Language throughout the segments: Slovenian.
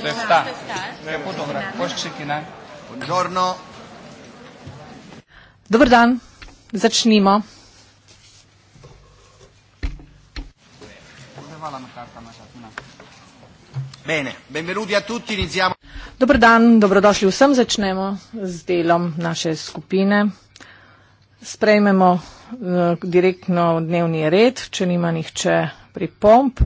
7. Ne, fotografo, ščekina. Buongiorno. Dobr dan, začnimo. Dobro dan, dobrodošli vsem, začnemo z delom naše skupine. Sprejmemo eh, direktno dnevni red, če nima nihče pripomp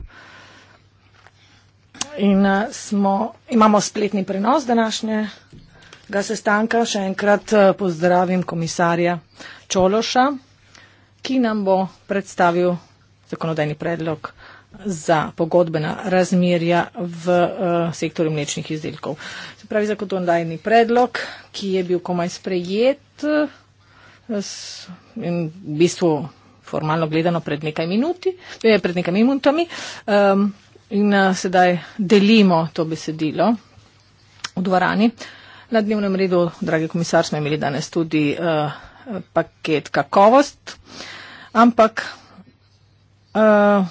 in eh, smo, imamo spletni prenos današnjega sestanka. Še enkrat eh, pozdravim komisarja Čološa, ki nam bo predstavil zakonodajni predlog za pogodbena razmerja v uh, sektorju mlečnih izdelkov. Se pravi, zakonodajni predlog, ki je bil komaj sprejet s, in v bistvu formalno gledano pred nekaj minuti, pred nekaj minutami. Um, in eh, sedaj delimo to besedilo v dvorani. Na dnevnem redu, dragi komisar, smo imeli danes tudi uh, paket kakovost, ampak uh,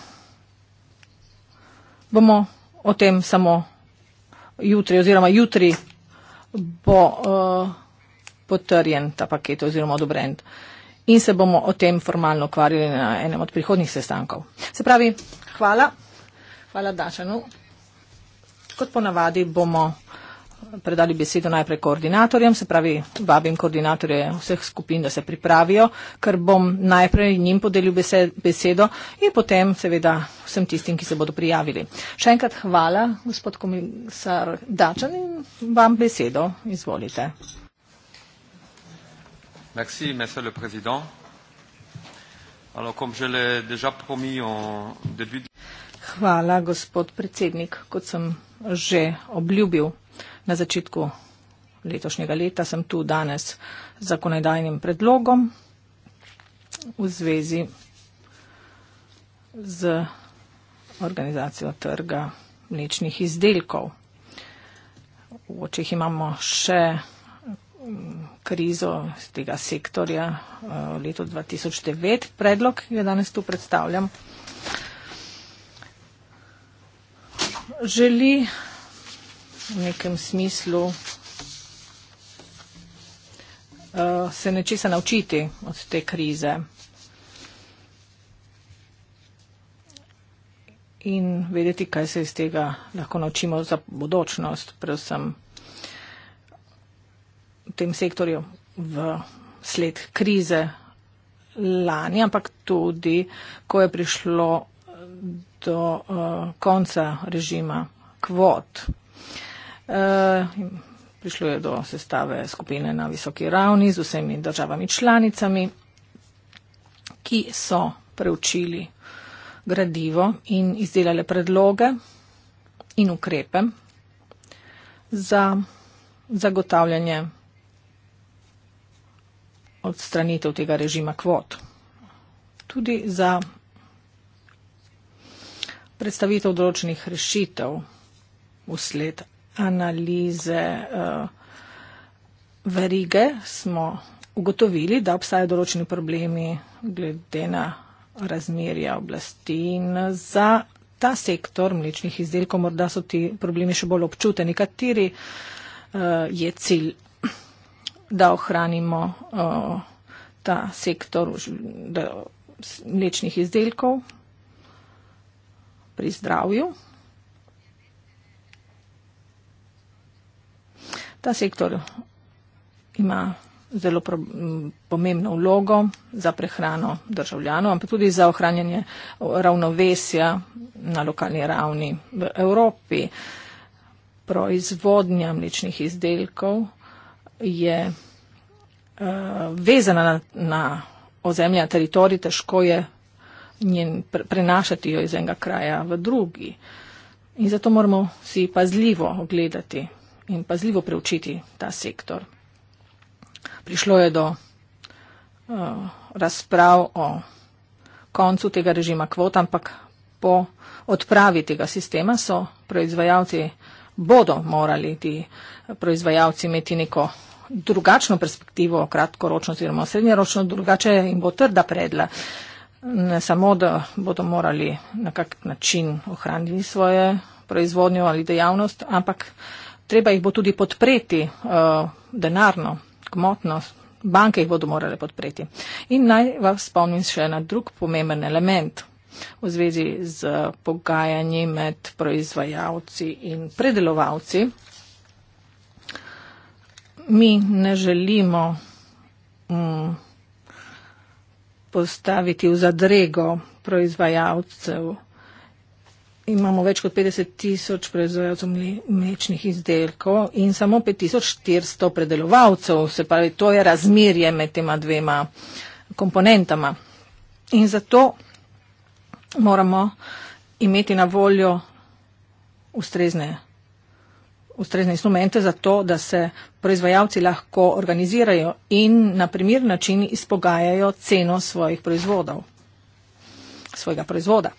bomo o tem samo jutri oziroma jutri bo uh, potrjen ta paket oziroma odobren in se bomo o tem formalno ukvarjali na enem od prihodnjih sestankov. Se pravi, hvala. Hvala, Dašanu. No, kot ponavadi bomo predali besedo najprej koordinatorjem, se pravi, vabim koordinatorje vseh skupin, da se pripravijo, ker bom najprej njim podelil besedo in potem seveda vsem tistim, ki se bodo prijavili. Še enkrat hvala, gospod komisar Dačan, in vam besedo izvolite. Merci, monsieur le président. Alors, comme je l'ai déjà promis en début de... Hvala, gospod predsednik. Kot sem že obljubil na začetku letošnjega leta, sem tu danes z zakonodajnim predlogom v zvezi z organizacijo trga mlečnih izdelkov. V očih imamo še mm, krizo z tega sektorja eh, v letu 2009. Predlog, ki ga danes tu predstavljam, želi v nekem smislu uh, se nečesa naučiti od te krize. In vedeti, kaj se iz tega lahko naučimo za bodočnost, predvsem v tem sektorju v sled krize lani, ampak tudi, ko je prišlo do uh, konca režima kvot. Uh, prišlo je do sestave skupine na visoki ravni z vsemi državami članicami, ki so preučili gradivo in izdelali predloge in ukrepe za zagotavljanje odstranitev tega režima kvot. Tudi za predstavitev določenih rešitev usled analize uh, verige smo ugotovili, da obstajajo določeni problemi glede na razmerja oblasti in za ta sektor mlečnih izdelkov morda so ti problemi še bolj občuteni, kateri uh, je cilj, da ohranimo uh, ta sektor mlečnih izdelkov pri zdravju. Ta sektor ima zelo pomembno vlogo za prehrano državljanov, ampak tudi za ohranjanje ravnovesja na lokalni ravni v Evropi. Proizvodnja mlečnih izdelkov je uh, vezana na, na ozemlja teritorij, težko je njen, pre, prenašati jo iz enega kraja v drugi. In zato moramo si pazljivo ogledati in pazljivo preučiti ta sektor. Prišlo je do uh, razprav o koncu tega režima kvota, ampak po odpravi tega sistema so proizvajalci, bodo morali ti proizvajalci imeti neko drugačno perspektivo, kratkoročno oziroma srednjeročno, drugače jim bo trda predla. Uh, ne samo, da bodo morali na kak način ohraniti svoje proizvodnjo ali dejavnost, ampak treba jih bo tudi podpreti uh, denarno, kmotno, banke jih bodo morale podpreti. In naj vas spomnim še na drug pomemben element v zvezi z pogajanji med proizvajalci in predelovalci. Mi ne želimo. Mm, postaviti v zadrego proizvajalcev. Imamo več kot 50 tisoč proizvajalcev mlečnih izdelkov in samo 5400 predelovalcev, se pravi, to je razmerje med tema dvema komponentama. In zato moramo imeti na voljo ustrezne ustrezne instrumente za to, da se proizvajalci lahko organizirajo in na primer način izpogajajo ceno svojih proizvodov, svojega proizvoda.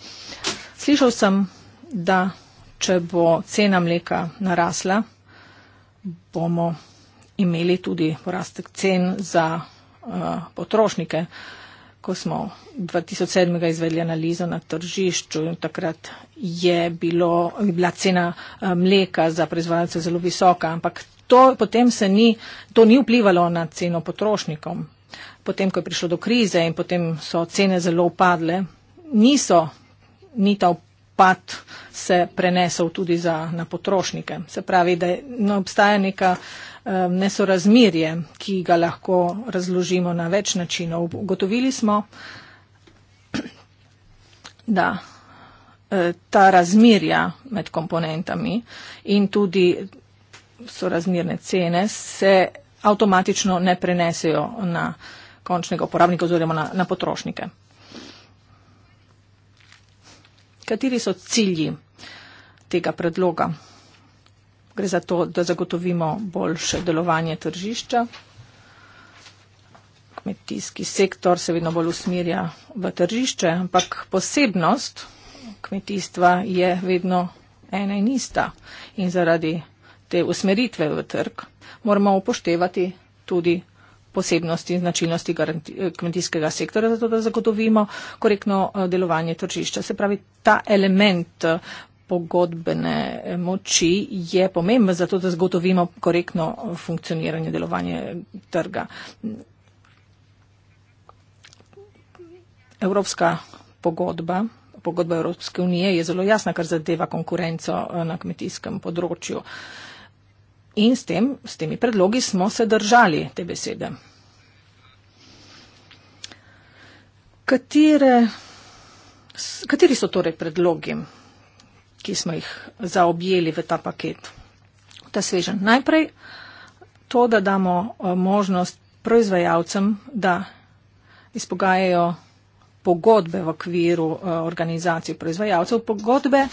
Slišal sem, da če bo cena mleka narasla, bomo imeli tudi porastek cen za uh, potrošnike. Uh, ko smo 2007. izvedli analizo na tržišču in takrat je, bilo, je bila cena eh, mleka za proizvajalce zelo visoka, ampak to potem se ni, to ni vplivalo na ceno potrošnikom. Potem, ko je prišlo do krize in potem so cene zelo upadle, niso, ni ta vplivala pad se prenesel tudi za, na potrošnike. Se pravi, da ne no, obstaja neka eh, nesorazmirje, ki ga lahko razložimo na več načinov. Ugotovili smo, da eh, ta razmirja med komponentami in tudi sorazmirne cene se avtomatično ne prenesejo na končnega uporabnika oziroma na, na potrošnike. Kateri so cilji tega predloga? Gre za to, da zagotovimo boljše delovanje tržišča. Kmetijski sektor se vedno bolj usmirja v tržišče, ampak posebnost kmetijstva je vedno ena in ista. In zaradi te usmeritve v trg moramo upoštevati tudi posebnosti in značilnosti kmetijskega sektora, zato da zagotovimo korektno eh, delovanje tržišča. Se pravi, ta element eh, pogodbene eh, moči je pomemben, zato da zagotovimo korektno funkcioniranje delovanje trga. Evropska pogodba. Pogodba Evropske unije je zelo jasna, kar zadeva konkurenco na kmetijskem področju. Uh, in s, tem, s temi predlogi smo se držali te besede. Katere, kateri so torej predlogi, ki smo jih zaobjeli v ta paket? Ta svežen. Najprej to, da damo eh, možnost proizvajalcem, da izpogajajo pogodbe v okviru eh, organizacije proizvajalcev, pogodbe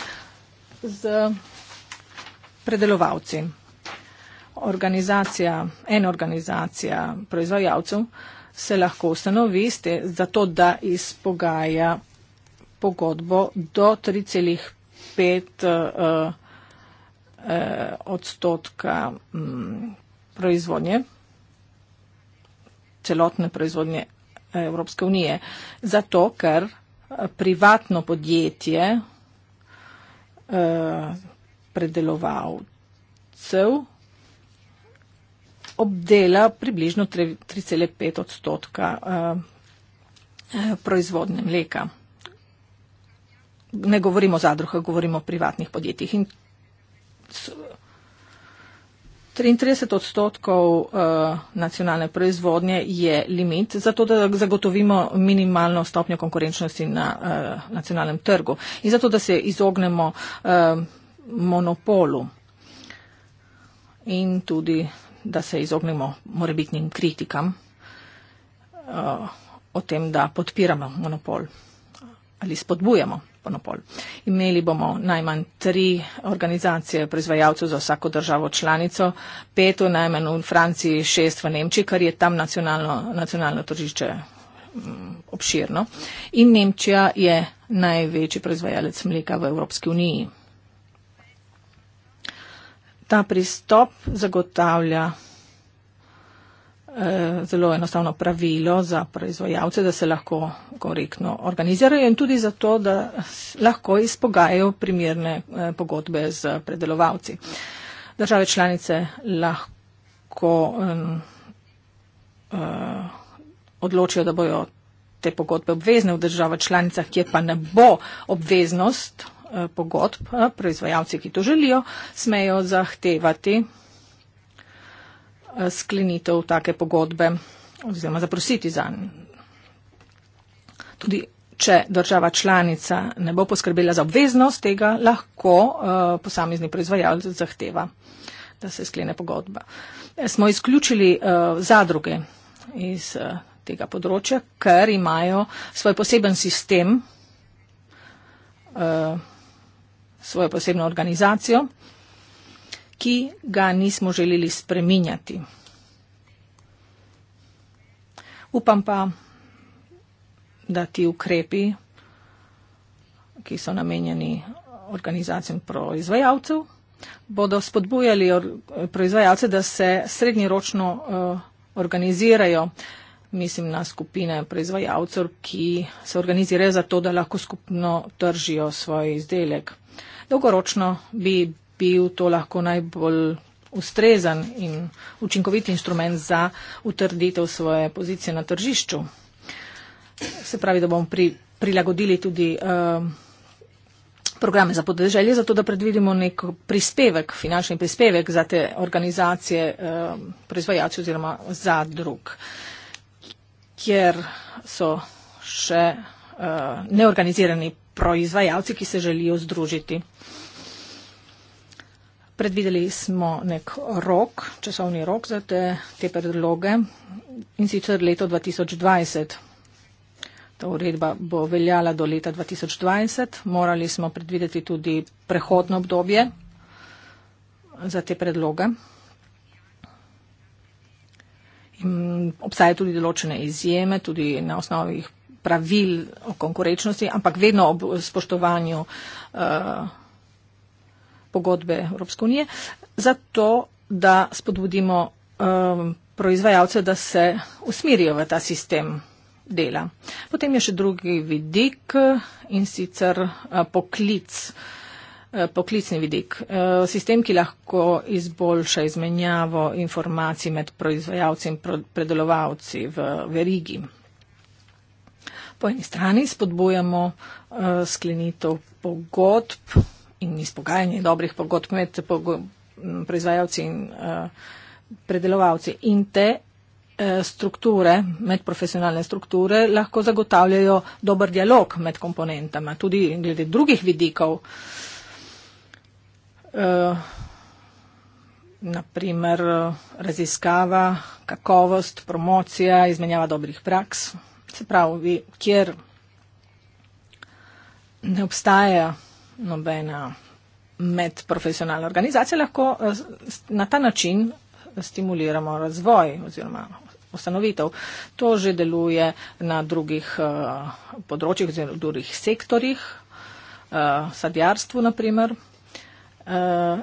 z predelovalci organizacija, en organizacija proizvajalcev se lahko ustanovi ste, zato, da izpogaja pogodbo do 3,5 eh, eh, odstotka hm, proizvodnje, celotne proizvodnje eh, Evropske unije. Zato, ker eh, privatno podjetje eh, predelovalcev obdela približno 3,5 odstotka eh, eh, proizvodne mleka. Ne govorimo o zadruhah, govorimo o privatnih podjetjih. In 33 odstotkov eh, nacionalne proizvodnje je limit za to, da zagotovimo minimalno stopnjo konkurenčnosti na nacionalnem trgu in zato, da se izognemo monopolu in tudi da se izognemo morebitnim kritikam eh, o tem, da podpiramo monopol ali spodbujamo monopol. Imeli bomo najmanj tri organizacije proizvajalcev za vsako državo članico, pet v najmanj v Franciji, šest v Nemčiji, kar je tam nacionalno, nacionalno tržišče mm, obširno. In Nemčija je največji proizvajalec mleka v Evropski uniji ta pristop zagotavlja eh, zelo enostavno pravilo za proizvajalce, da se lahko korektno organizirajo in tudi zato, da lahko izpogajajo primirne eh, pogodbe z predelovalci. Države članice lahko eh, eh, odločijo, da bojo te pogodbe obvezne v državah članicah, kjer pa ne bo obveznost Eh, pogodb, eh, proizvajalci, ki to želijo, smejo zahtevati eh, sklenitev take pogodbe oziroma zaprositi za njo. Tudi če država članica ne bo poskrbela za obveznost tega, lahko posamezni proizvajalec zahteva, da se sklene pogodba. Smo izključili zadruge iz tega področja, ker imajo svoj poseben sistem, svojo posebno organizacijo, ki ga nismo želeli spreminjati. Upam pa, da ti ukrepi, ki so namenjeni organizacijam proizvajalcev, bodo spodbujali proizvajalce, da se srednjeročno uh, organizirajo uh, mislim na skupine proizvajalcev, ki se organizirajo za to, da lahko skupno tržijo svoj izdelek. Dolgoročno bi bil to lahko najbolj ustrezan in učinkovit instrument za utrditev svoje pozicije na tržišču. Se pravi, da bomo pri, prilagodili tudi uh, programe za podeželje, zato da predvidimo nek prispevek, finančni prispevek za te organizacije uh, eh, proizvajalcev oziroma za drug. Uh, kjer so še uh, neorganizirani proizvajalci, ki se želijo združiti. Predvideli smo nek rok, časovni rok za te, te predloge in sicer leto 2020. Ta uredba bo veljala do leta 2020. Morali smo predvideti tudi prehodno obdobje za te predloge. Mm, obstaje tudi določene izjeme, tudi na osnovi pravil o konkurenčnosti, ampak vedno ob spoštovanju uh, pogodbe Evropske unije, zato da spodbudimo um, proizvajalce, da se usmirijo v ta sistem dela. Potem je še drugi vidik in sicer uh, poklic. Uh, Eh, poklicni vidik. Eh, sistem, ki lahko izboljša izmenjavo informacij med proizvajalci in predelovalci v verigi. Po eni strani spodbujamo eh, sklenitev pogodb in izpogajanje dobrih pogodb med proizvajalci in predelovalci in te strukture, medprofesionalne strukture lahko zagotavljajo dober dialog med komponentama, tudi glede drugih vidikov uh, Eh, naprimer eh, raziskava, kakovost, promocija, izmenjava dobrih praks. Se pravi, kjer ne obstaja nobena medprofesionalna organizacija, lahko eh, na ta način stimuliramo razvoj oziroma ustanovitev. To že deluje na drugih uh, področjih oziroma drugih sektorjih, uh, sadjarstvu naprimer. Eh,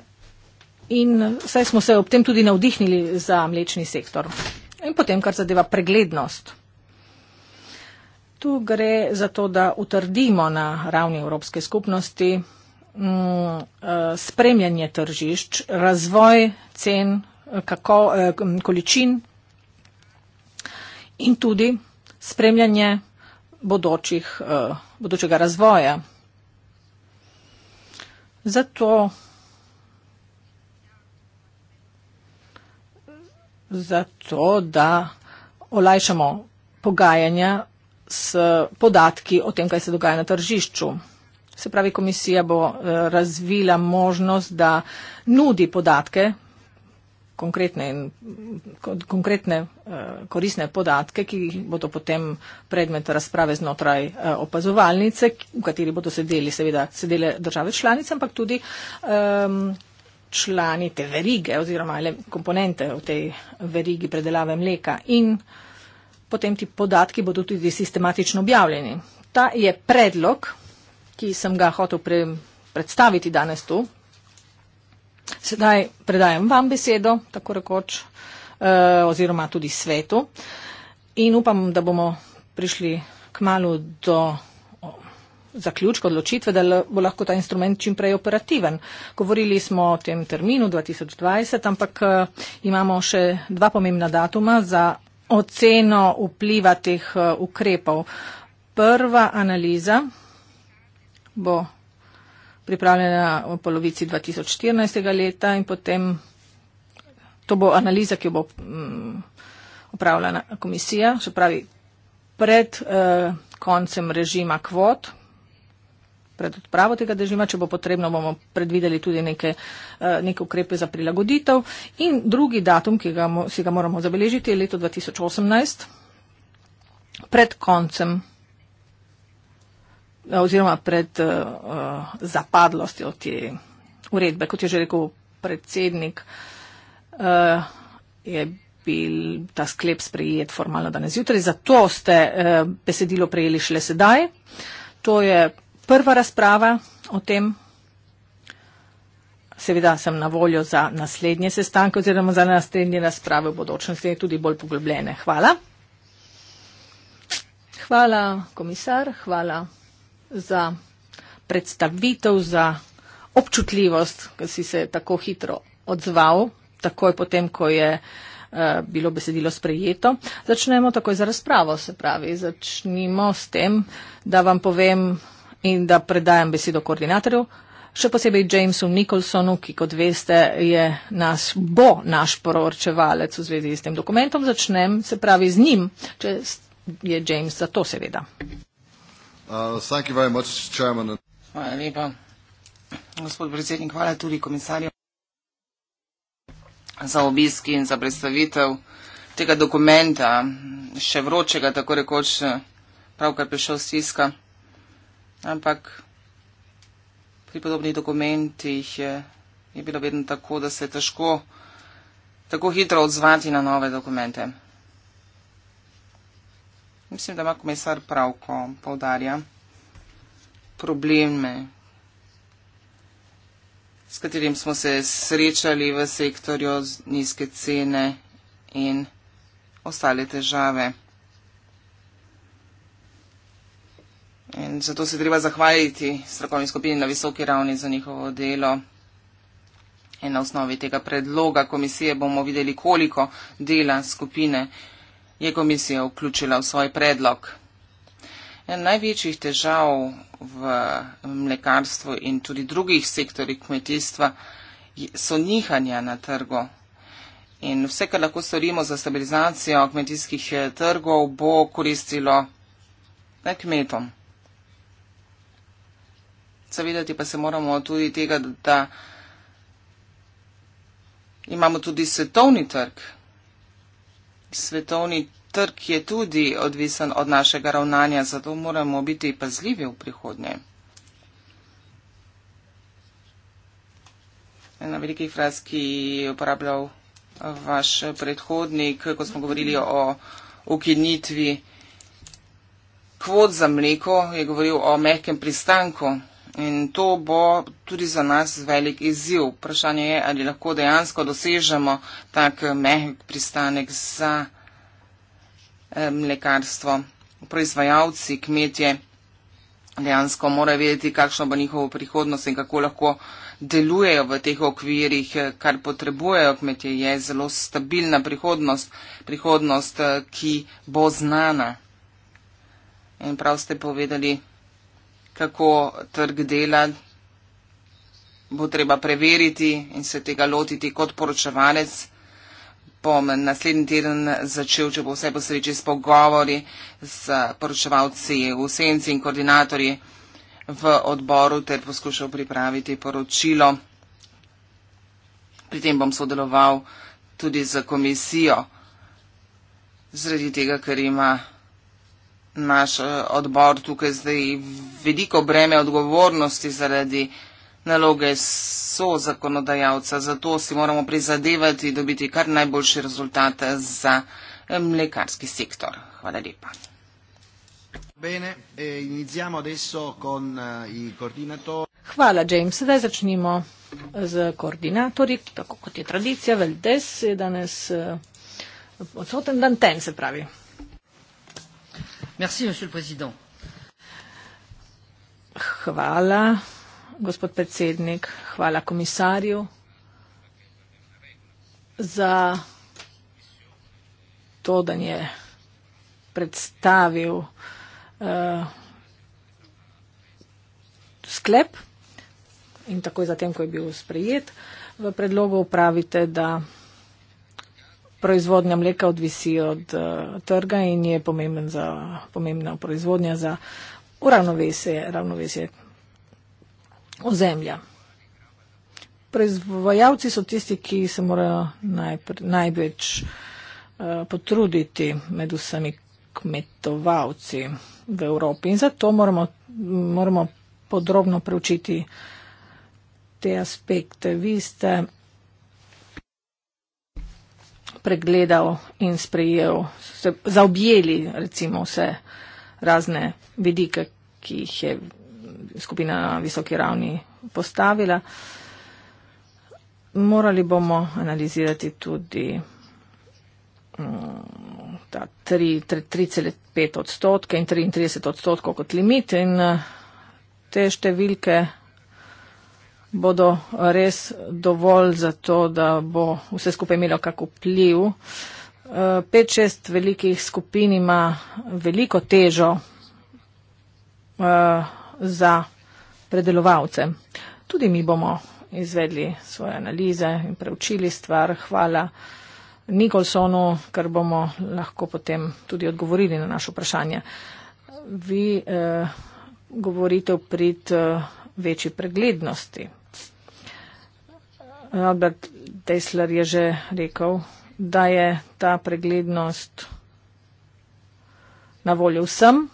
in saj smo se ob tem tudi navdihnili za mlečni sektor. In potem, kar zadeva preglednost. Tu gre za to, da utrdimo na ravni Evropske skupnosti mm, eh, spremljanje tržišč, razvoj cen, eh, kako, količin in tudi spremljanje bodočih, bodočega razvoja. Zato zato, da olajšamo pogajanja s podatki o tem, kaj se dogaja na tržišču. Se pravi, komisija bo eh, razvila možnost, da nudi podatke, konkretne, in, konkretne eh, koristne podatke, ki bodo potem predmet razprave znotraj eh, opazovalnice, v kateri bodo sedeli seveda sedele države članice, ampak tudi um, člani te verige oziroma komponente v tej verigi predelave mleka in potem ti podatki bodo tudi sistematično objavljeni. Ta je predlog, ki sem ga hotel pre predstaviti danes tu. Sedaj predajam vam besedo, tako rekoč, eh, oziroma tudi svetu in upam, da bomo prišli k malu do zaključka odločitve, da bo lahko ta instrument čim prej operativen. Govorili smo o tem terminu 2020, ampak eh, imamo še dva pomembna datuma za oceno vpliva teh eh, ukrepov. Prva analiza bo pripravljena v polovici 2014. leta in potem to bo analiza, ki jo bo upravljena mm, komisija, se pravi pred eh, koncem režima kvot pred odpravo tega režima, če bo potrebno, bomo predvideli tudi neke, eh, neke ukrepe za prilagoditev. In drugi datum, ki ga, si ga moramo zabeležiti, je leto 2018, pred koncem eh, oziroma pred uh, zapadlostjo te uredbe, kot je že rekel predsednik. Uh, je bil ta sklep sprejet formalno danes zjutraj, zato ste eh, besedilo prejeli šele sedaj. To je Prva razprava o tem, seveda sem na voljo za naslednje sestanke oziroma za naslednje razprave v bodočnosti, tudi bolj poglobljene. Hvala. Hvala, komisar, hvala za predstavitev, za občutljivost, ki si se tako hitro odzval, takoj potem, ko je eh, bilo besedilo sprejeto. Začnemo takoj za razpravo, se pravi, začnimo s tem, da vam povem, in da predajam besedo koordinatorju. Še posebej Jamesu Nicholsonu, ki, kot veste, je nas, bo naš proročevalec v zvezi s tem dokumentom. Začnem, se pravi, z njim, če je James za to seveda. Uh, hvala lepa, gospod predsednik. Hvala tudi komisarju za obisk in za predstavitev tega dokumenta, še vročega, tako rekoč, pravkar prišel stiska ampak pri podobnih dokumentih je, je bilo vedno tako, da se je težko tako hitro odzvati na nove dokumente. Mislim, da ima komisar prav, ko povdarja probleme, s katerim smo se srečali v sektorju nizke cene in ostale težave. In zato se treba zahvaliti strokovni skupini na visoki ravni za njihovo delo. In na osnovi tega predloga komisije bomo videli, koliko dela skupine je komisija vključila v svoj predlog. In največjih težav v mlekarstvu in tudi drugih sektorjih kmetijstva so nihanja na trgu. In vse, kar lahko storimo za stabilizacijo kmetijskih eh, trgov, bo koristilo eh, kmetom. Zavedati pa se moramo tudi tega, da imamo tudi svetovni trg. Svetovni trg je tudi odvisen od našega ravnanja, zato moramo biti pazljivi v prihodnje. Ena velikih fraz, ki je uporabljal vaš predhodnik, ko smo govorili o ukinitvi kvot za mleko, je govoril o mehkem pristanku. In to bo tudi za nas velik izziv. Vprašanje je, ali lahko dejansko dosežemo tak eh, mehek pristanek za eh, mlekarstvo. Proizvajalci, kmetje dejansko morajo vedeti, kakšno bo njihovo prihodnost in kako lahko delujejo v teh okvirih, eh, kar potrebujejo kmetje. Je zelo stabilna prihodnost, prihodnost, ki bo znana. In prav ste povedali, kako trg dela bo treba preveriti in se tega lotiti kot poročevalec. Bom naslednji teden začel, če bo vse posreči, s pogovori z poročevalci v senci in koordinatorji v odboru ter poskušal pripraviti poročilo. Pri tem bom sodeloval tudi z komisijo, zredi tega, ker ima naš eh, odbor tukaj zdaj veliko breme odgovornosti zaradi naloge so zakonodajalca. Zato si moramo prizadevati dobiti kar najboljši rezultat za mlekarski sektor. Hvala lepa. Bene, e, con, uh, Hvala, James. Sedaj začnimo eh, z koordinatorji, tako kot je tradicija. Veldes je danes uh, odsoten dan ten, se pravi. Hvala, gospod predsednik. Hvala komisarju za to, da je predstavil uh, sklep in takoj zatem, ko je bil sprejet v predlogu, upravite, da proizvodnja mleka odvisi od uh, trga in je za, pomembna proizvodnja za uravnovesje, ravnovesje ozemlja. Proizvajalci so tisti, ki se morajo največ uh, potruditi med vsemi kmetovalci v Evropi in zato moramo, moramo podrobno preučiti te aspekte. Vi ste pregledal in sprejel, se zaobjeli recimo vse razne vidike, ki jih je skupina na visoki ravni postavila. Morali bomo analizirati tudi mm, ta 3,5 odstotke in 33 odstotkov kot limit in eh, te številke bodo res dovolj za to, da bo vse skupaj imelo kak vpliv. 5-6 eh, velikih skupin ima veliko težo eh, za predelovalce. Tudi mi bomo izvedli svoje analize in preučili stvar. Hvala Nikolsonu, ker bomo lahko potem tudi odgovorili na naše vprašanje. Vi eh, govorite o prid eh, večji preglednosti. Albert Tesler je že rekel, da je ta preglednost na voljo vsem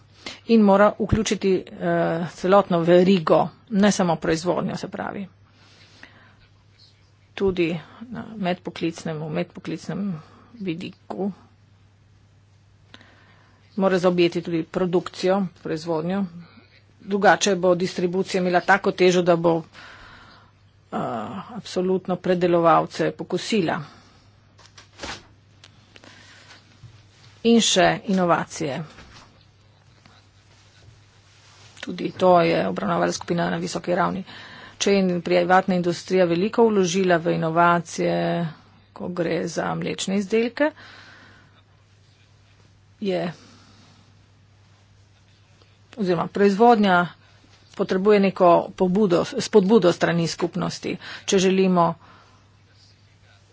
in mora vključiti uh, celotno verigo, ne samo proizvodnjo, se pravi. Tudi na medpoklicnem, v medpoklicnem vidiku mora zaobjeti tudi produkcijo, proizvodnjo. Drugače bo distribucija imela tako težo, da bo uh, uh, absolutno predelovalce pokosila. In še inovacije. Tudi to je obravnavala skupina na visoki ravni. Če je privatna industrija veliko vložila v inovacije, ko gre za mlečne izdelke, je oziroma proizvodnja potrebuje neko pobudo, spodbudo strani skupnosti, če želimo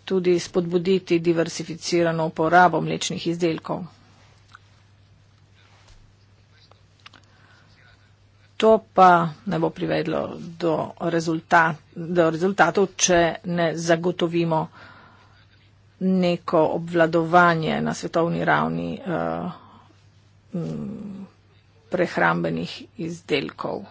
tudi spodbuditi diversificirano uporabo mlečnih izdelkov. To pa ne bo privedlo do, rezultat, do rezultatov, če ne zagotovimo neko obvladovanje na svetovni ravni uh, prehrambenih izdelkov.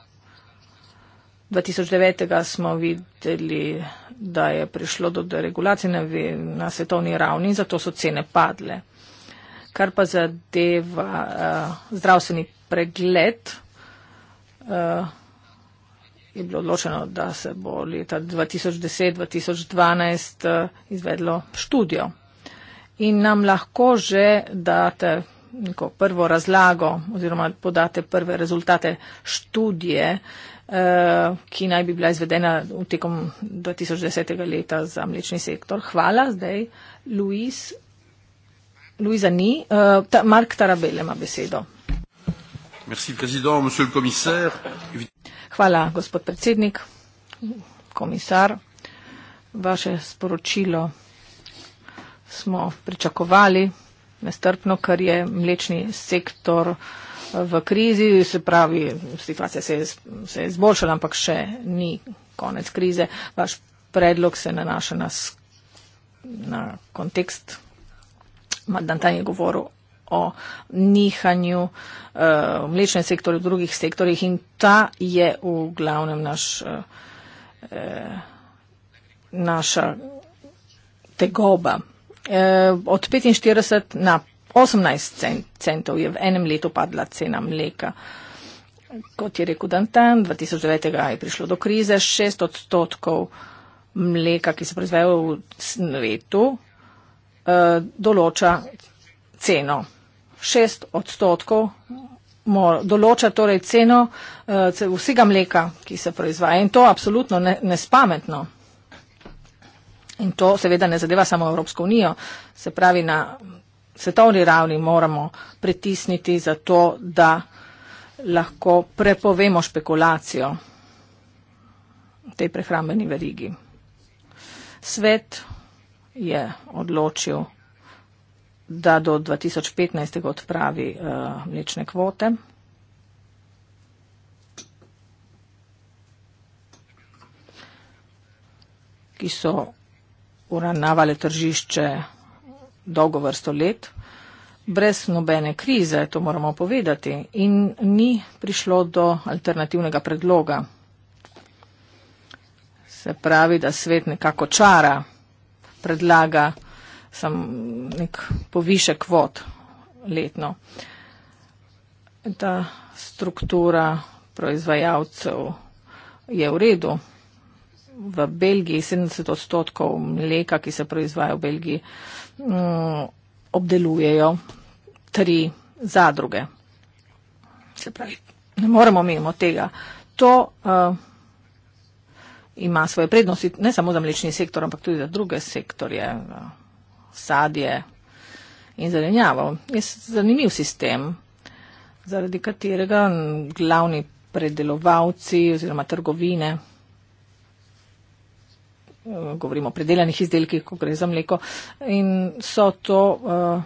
2009. smo videli, da je prišlo do deregulacije na svetovni ravni in zato so cene padle. Kar pa zadeva uh, zdravstveni pregled, uh, je bilo odločeno, da se bo leta 2010-2012 eh, izvedlo študijo. In nam lahko že date neko prvo razlago oziroma podate prve rezultate študije, uh, Eh, ki naj bi bila izvedena v tekom 2010. leta za mlečni sektor. Hvala, zdaj Luis. Luisa ni, uh, ta Mark Tarabel ima besedo. Merci, Hvala, gospod predsednik, komisar. Vaše sporočilo smo pričakovali nestrpno, ker je mlečni sektor uh, v krizi, se pravi, situacija se je, se je zboljšala, ampak še ni konec krize. Vaš predlog se nanaša na, na kontekst. Mandantan je govoril o nihanju eh, v uh, mlečnem sektorju, v drugih sektorjih in ta je v glavnem naš, uh, naša tegoba. Uh, od 45 na 18 centov je v enem letu padla cena mleka. Kot je rekel Dantan, 2009 je prišlo do krize, 6 odstotkov mleka, ki se proizvaja v svetu, eh, določa ceno. 6 odstotkov določa torej ceno eh, vsega mleka, ki se proizvaja in to absolutno nespametno. In to seveda ne zadeva samo Evropsko unijo, se pravi na svetovni ravni moramo pritisniti za to, da lahko prepovemo špekulacijo v tej prehrambeni verigi. Svet je odločil, da do 2015. odpravi uh, mlečne kvote. ki so uravnavale tržišče dolgo vrsto let, brez nobene krize, to moramo povedati, in ni prišlo do alternativnega predloga. Se pravi, da svet nekako čara, predlaga sam nek povišek vod letno. Ta struktura proizvajalcev je v redu v Belgiji 70 odstotkov mleka, ki se proizvaja v Belgiji, mm, obdelujejo tri zadruge. Se pravi, ne moremo mimo tega. To uh, ima svoje prednosti, ne samo za mlečni sektor, ampak tudi za druge sektorje, sadje in zelenjavo. Je zanimiv sistem, zaradi katerega glavni predelovalci oziroma trgovine Eh, govorimo o predelanih izdelkih, ko gre za mleko. In so to uh,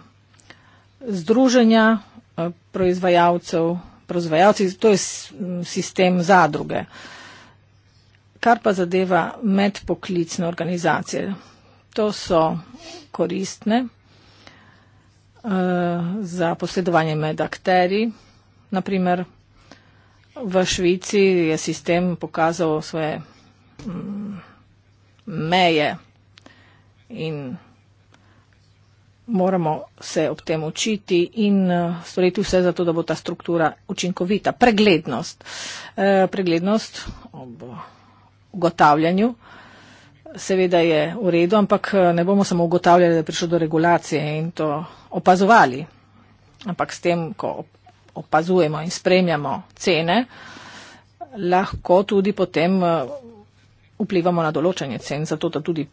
združenja uh, proizvajalcev, proizvajalci, to je sistem zadruge. Kar pa zadeva medpoklicne organizacije, to so koristne uh, za posledovanje med akteri. Naprimer, v Švici je sistem pokazal svoje. Um, meje in moramo se ob tem učiti in eh, storiti vse za to, da bo ta struktura učinkovita. Preglednost. E, preglednost ob ugotavljanju. Seveda je v redu, ampak eh, ne bomo samo ugotavljali, da je prišlo do regulacije in to opazovali. Ampak s tem, ko opazujemo in spremljamo cene, lahko tudi potem vplivamo na določanje cen, zato da tudi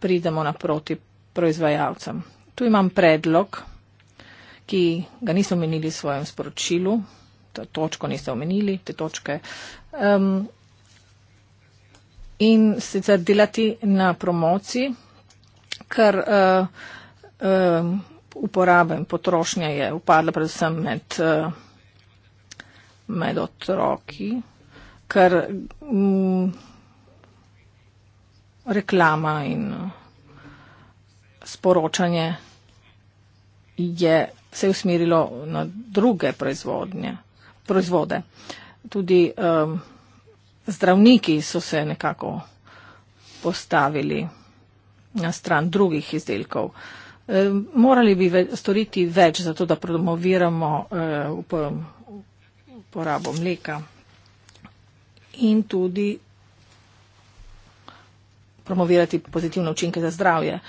pridemo naproti proizvajalcem. Tu imam predlog, ki ga niso omenili v svojem sporočilu, to točko niste omenili, te točke. Um, in sicer delati na promociji, ker uh, eh, uh, eh, uporaba in potrošnja je upadla predvsem med, uh, med otroki, ker. Um, reklama in uh, sporočanje je se usmerilo na druge proizvode. Tudi um, zdravniki so se nekako postavili na stran drugih izdelkov. Um, morali bi ve storiti več za to, da promoviramo um, uporabo mleka. In tudi promovirati pozitivne učinke za zdravje,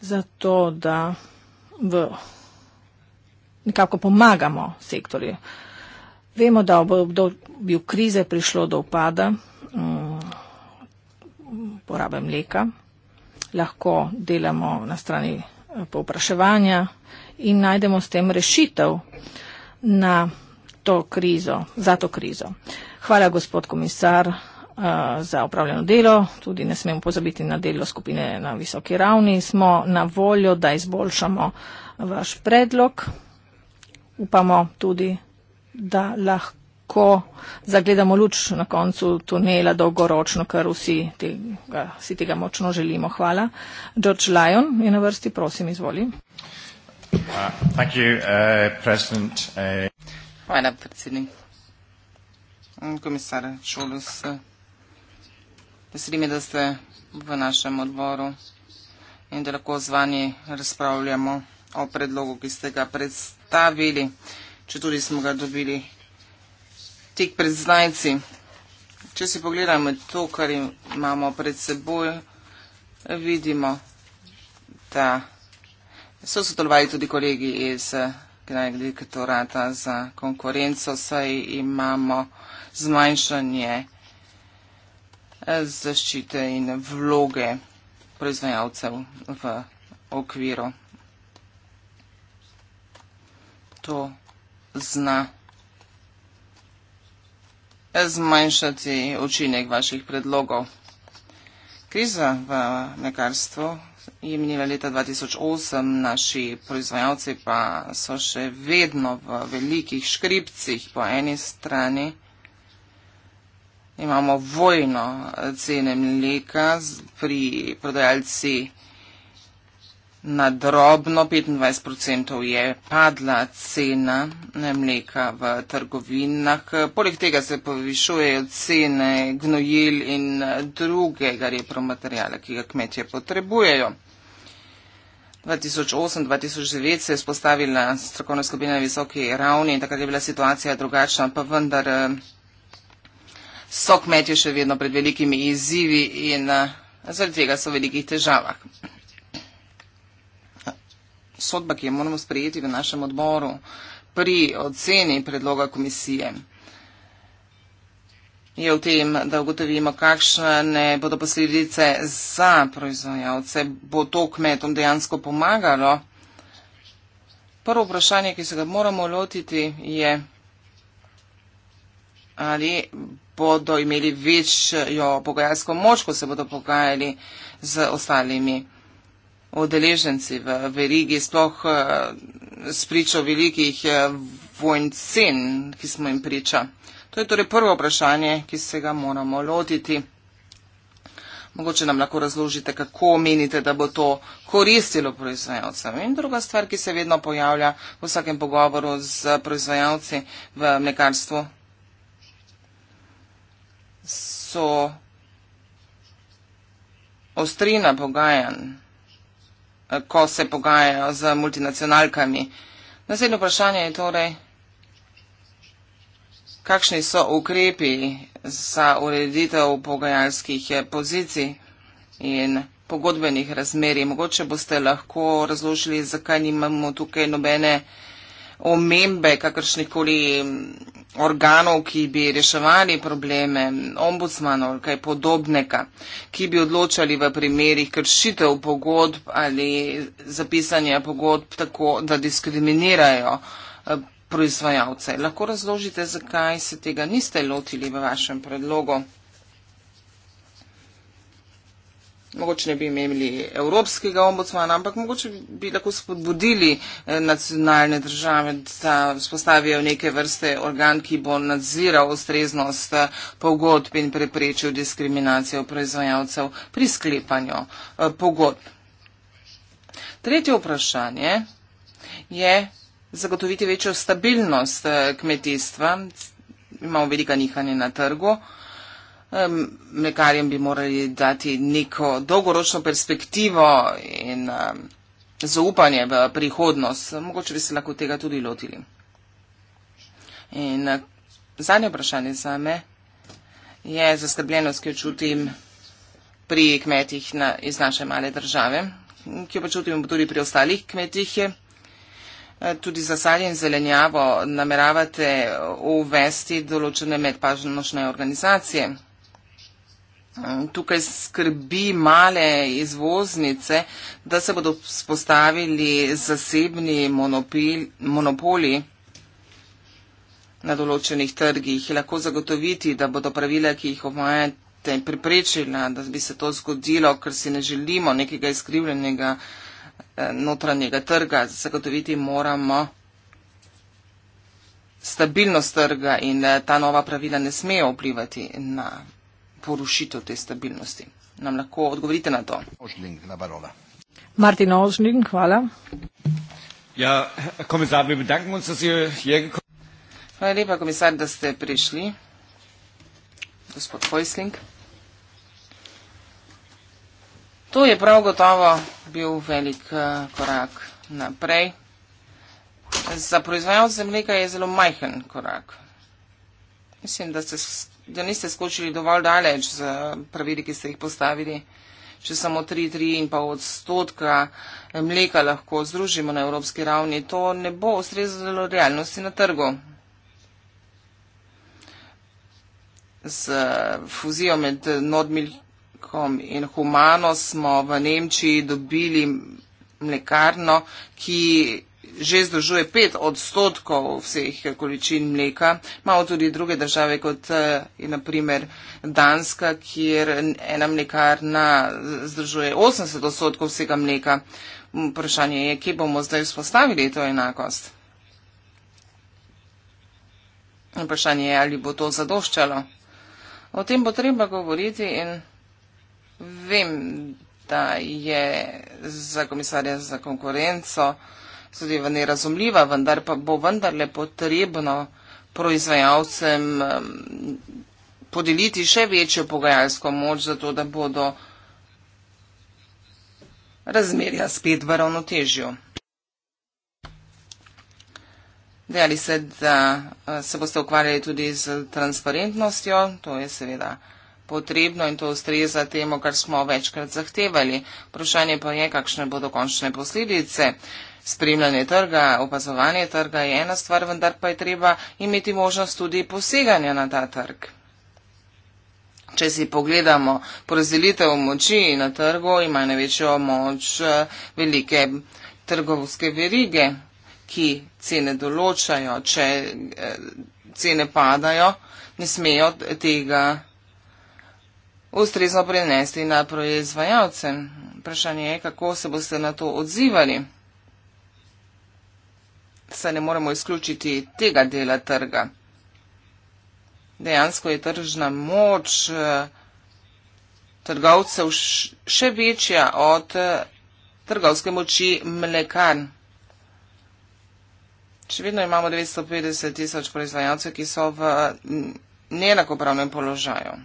zato da v, nekako pomagamo sektorju. Vemo, da bo obdobju krize prišlo do upada um, porabe mleka, lahko delamo na strani eh, povpraševanja in najdemo s tem rešitev na to krizo, za to krizo. Hvala, gospod komisar. Eh, za upravljeno delo, tudi ne smemo pozabiti na delo skupine na visoki ravni, smo na voljo, da izboljšamo vaš predlog. Upamo tudi, da lahko zagledamo luč na koncu tunela dolgoročno, kar vsi tega, vsi tega močno želimo. Hvala. George Lyon je na vrsti, prosim, izvoli. Uh, you, uh, uh... Hvala, predsednik. Komisar Šolus. Uh... Veseli me, da ste v našem odboru in da lahko z vami razpravljamo o predlogu, ki ste ga predstavili, če tudi smo ga dobili tik pred znajci. Če si pogledamo to, kar imamo pred seboj, vidimo, da so sodelovali tudi kolegi iz Generalnega direktorata za konkurenco, saj imamo zmanjšanje zaščite in vloge proizvajalcev v okviru. To zna zmanjšati učinek vaših predlogov. Kriza v mekarstvu je minila leta 2008, naši proizvajalci pa so še vedno v velikih škripcih po eni strani imamo vojno cene mleka pri prodajalci na drobno, 25% je padla cena mleka v trgovinah. Poleg tega se povišujejo cene gnojil in drugega repromaterjala, ki ga kmetje potrebujejo. 2008-2009 se je spostavila strokovna skupina na visoki ravni in takrat je bila situacija drugačna, pa vendar eh, so kmetje še vedno pred velikimi izzivi in eh, zaradi tega so v velikih težavah. Sodba, ki jo moramo sprejeti v našem odboru pri oceni predloga komisije, je v tem, da ugotovimo, kakšne bodo posledice za proizvajalce. Bo to kmetom dejansko pomagalo? Prvo vprašanje, ki se ga moramo lotiti, je vprašanje ali bodo imeli večjo pogajalsko moč, ko se bodo pogajali z ostalimi odeleženci v verigi, sploh eh, s pričo velikih eh, vojn cen, ki smo jim priča. To je torej prvo vprašanje, ki se ga moramo lotiti. Mogoče nam lahko razložite, kako menite, da bo to koristilo proizvajalcem. In druga stvar, ki se vedno pojavlja v vsakem pogovoru z proizvajalci v mlekarstvu, so ostrina pogajanj, eh, ko se pogajajo z multinacionalkami. Naslednje vprašanje je torej, kakšni so ukrepi za ureditev pogajalskih eh, pozicij in pogodbenih razmerij. Mogoče boste lahko razložili, zakaj nimamo tukaj nobene omembe kakršnih koli mm, organov, ki bi reševali probleme, ombudsmanov ali kaj podobnega, ki bi odločali v primerih kršitev pogodb ali zapisanja pogodb tako, da diskriminirajo eh, proizvajalce. Lahko razložite, zakaj se tega niste lotili v vašem predlogu? mogoče ne bi imeli evropskega ombudsmana, ampak mogoče bi lahko spodbudili eh, nacionalne države, da spostavijo neke vrste organ, ki bo nadziral ustreznost eh, pogodb in preprečil diskriminacijo proizvajalcev pri sklepanju eh, pogodb. Tretje vprašanje je zagotoviti večjo stabilnost kmetijstva. Imamo velika nihanja na trgu mlekarjem bi morali dati neko dolgoročno perspektivo in zaupanje v prihodnost. Mogoče bi se lahko tega tudi lotili. In zadnje vprašanje za me je zaskrbljenost, ki jo čutim pri kmetih na, iz naše male države, ki jo pa čutim tudi pri ostalih kmetih. E, tudi za sadje in zelenjavo nameravate uvesti določene medpažnošne organizacije tukaj skrbi male izvoznice, da se bodo spostavili zasebni monopoli, monopoli na določenih trgih. Lahko zagotoviti, da bodo pravila, ki jih omajate, priprečila, da bi se to zgodilo, ker si ne želimo nekega izkrivljenega eh, notranjega trga. Zagotoviti moramo stabilnost trga in eh, ta nova pravila ne smejo vplivati na porušitev te stabilnosti. Nam lahko odgovorite na to? Ožling, na Martin Ožling, hvala. Ja, komisar, mi bedankamo, da ste je... Hvala lepa, komisar, da ste prišli. Gospod Hojsling. To je prav gotovo bil velik eh, korak naprej. Za proizvajalce mleka je zelo majhen korak Mislim, da, ste, da niste skočili dovolj daleč z eh, pravili, ki ste jih postavili. Če samo 3,5 odstotka eh, mleka lahko združimo na evropski ravni, to ne bo ustrezalo realnosti na trgu. Z eh, fuzijo med Nordmilkom in Humano smo v Nemčiji dobili mlekarno, ki že združuje pet odstotkov vseh količin mleka. Imamo tudi druge države, kot eh, je naprimer Danska, kjer ena mlekarna združuje 80 odstotkov vsega mleka. Vprašanje je, kje bomo zdaj vzpostavili to enakost. Vprašanje je, ali bo to zadoščalo. O tem bo treba govoriti in vem, da je za komisarja za konkurenco tudi v nerazumljiva, vendar pa bo vendarle potrebno proizvajalcem podeliti še večjo pogajalsko moč, zato da bodo razmerja spet v ravnotežju. Dejali se, da eh, se boste ukvarjali tudi z transparentnostjo, to je seveda potrebno in to ustreza temu, kar smo večkrat zahtevali. Vprašanje pa je, kakšne bodo končne posledice. Spremljanje trga, opazovanje trga je ena stvar, vendar pa je treba imeti možnost tudi poseganja na ta trg. Če si pogledamo porazdelitev moči na trgu, ima največjo moč eh, velike trgovske verige, ki cene določajo. Če eh, cene padajo, ne smejo tega ustrezno prenesti na proizvajalce. Vprašanje je, kako se boste na to odzivali saj ne moremo izključiti tega dela trga. Dejansko je tržna moč eh, trgovcev še večja od eh, trgovske moči mlekan. Še vedno imamo 950 tisoč proizvajalcev, ki so v mm, neenakopravnem položaju.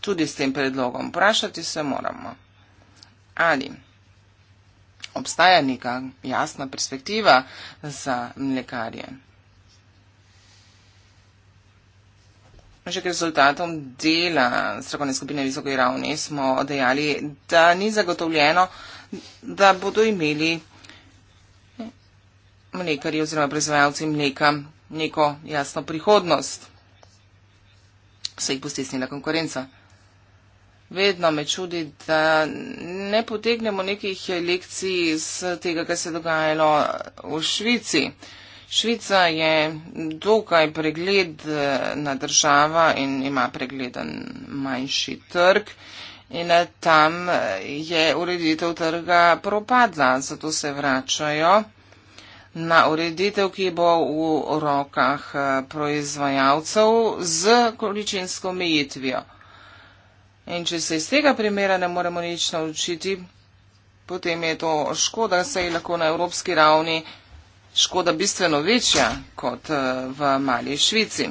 Tudi s tem predlogom. Vprašati se moramo. Ali obstaja neka jasna perspektiva za mlekarje. Že k rezultatom dela strokovne skupine visoke ravni smo dejali, da ni zagotovljeno, da bodo imeli mlekarji oziroma proizvajalci mleka neko jasno prihodnost. Se jih bo stisnila konkurenca. Vedno me čudi, da ne potegnemo nekih lekcij iz tega, kar se je dogajalo v Švici. Švica je dokaj pregledna država in ima pregleden manjši trg. In tam je ureditev trga propadla, zato se vračajo na ureditev, ki bo v rokah eh, proizvajalcev z količinsko omejitvijo. In če se iz tega primera ne moremo nič naučiti, potem je to škoda, saj lahko na evropski ravni škoda bistveno večja kot eh, v mali Švici.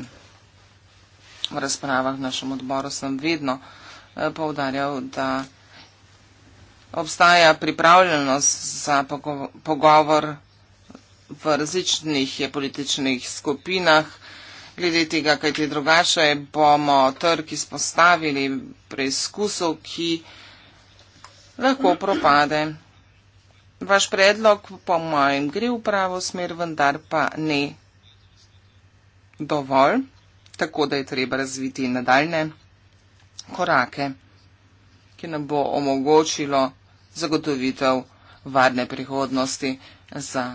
V razpravah v našem odboru sem vedno eh, povdarjal, da obstaja pripravljenost za pogovor v različnih eh, političnih skupinah glede tega, kaj ti drugače bomo trg izpostavili preizkusu, ki lahko propade. Vaš predlog po mojem gre v pravo smer, vendar pa ne dovolj, tako da je treba razviti nadaljne korake, ki nam bo omogočilo zagotovitev varne prihodnosti za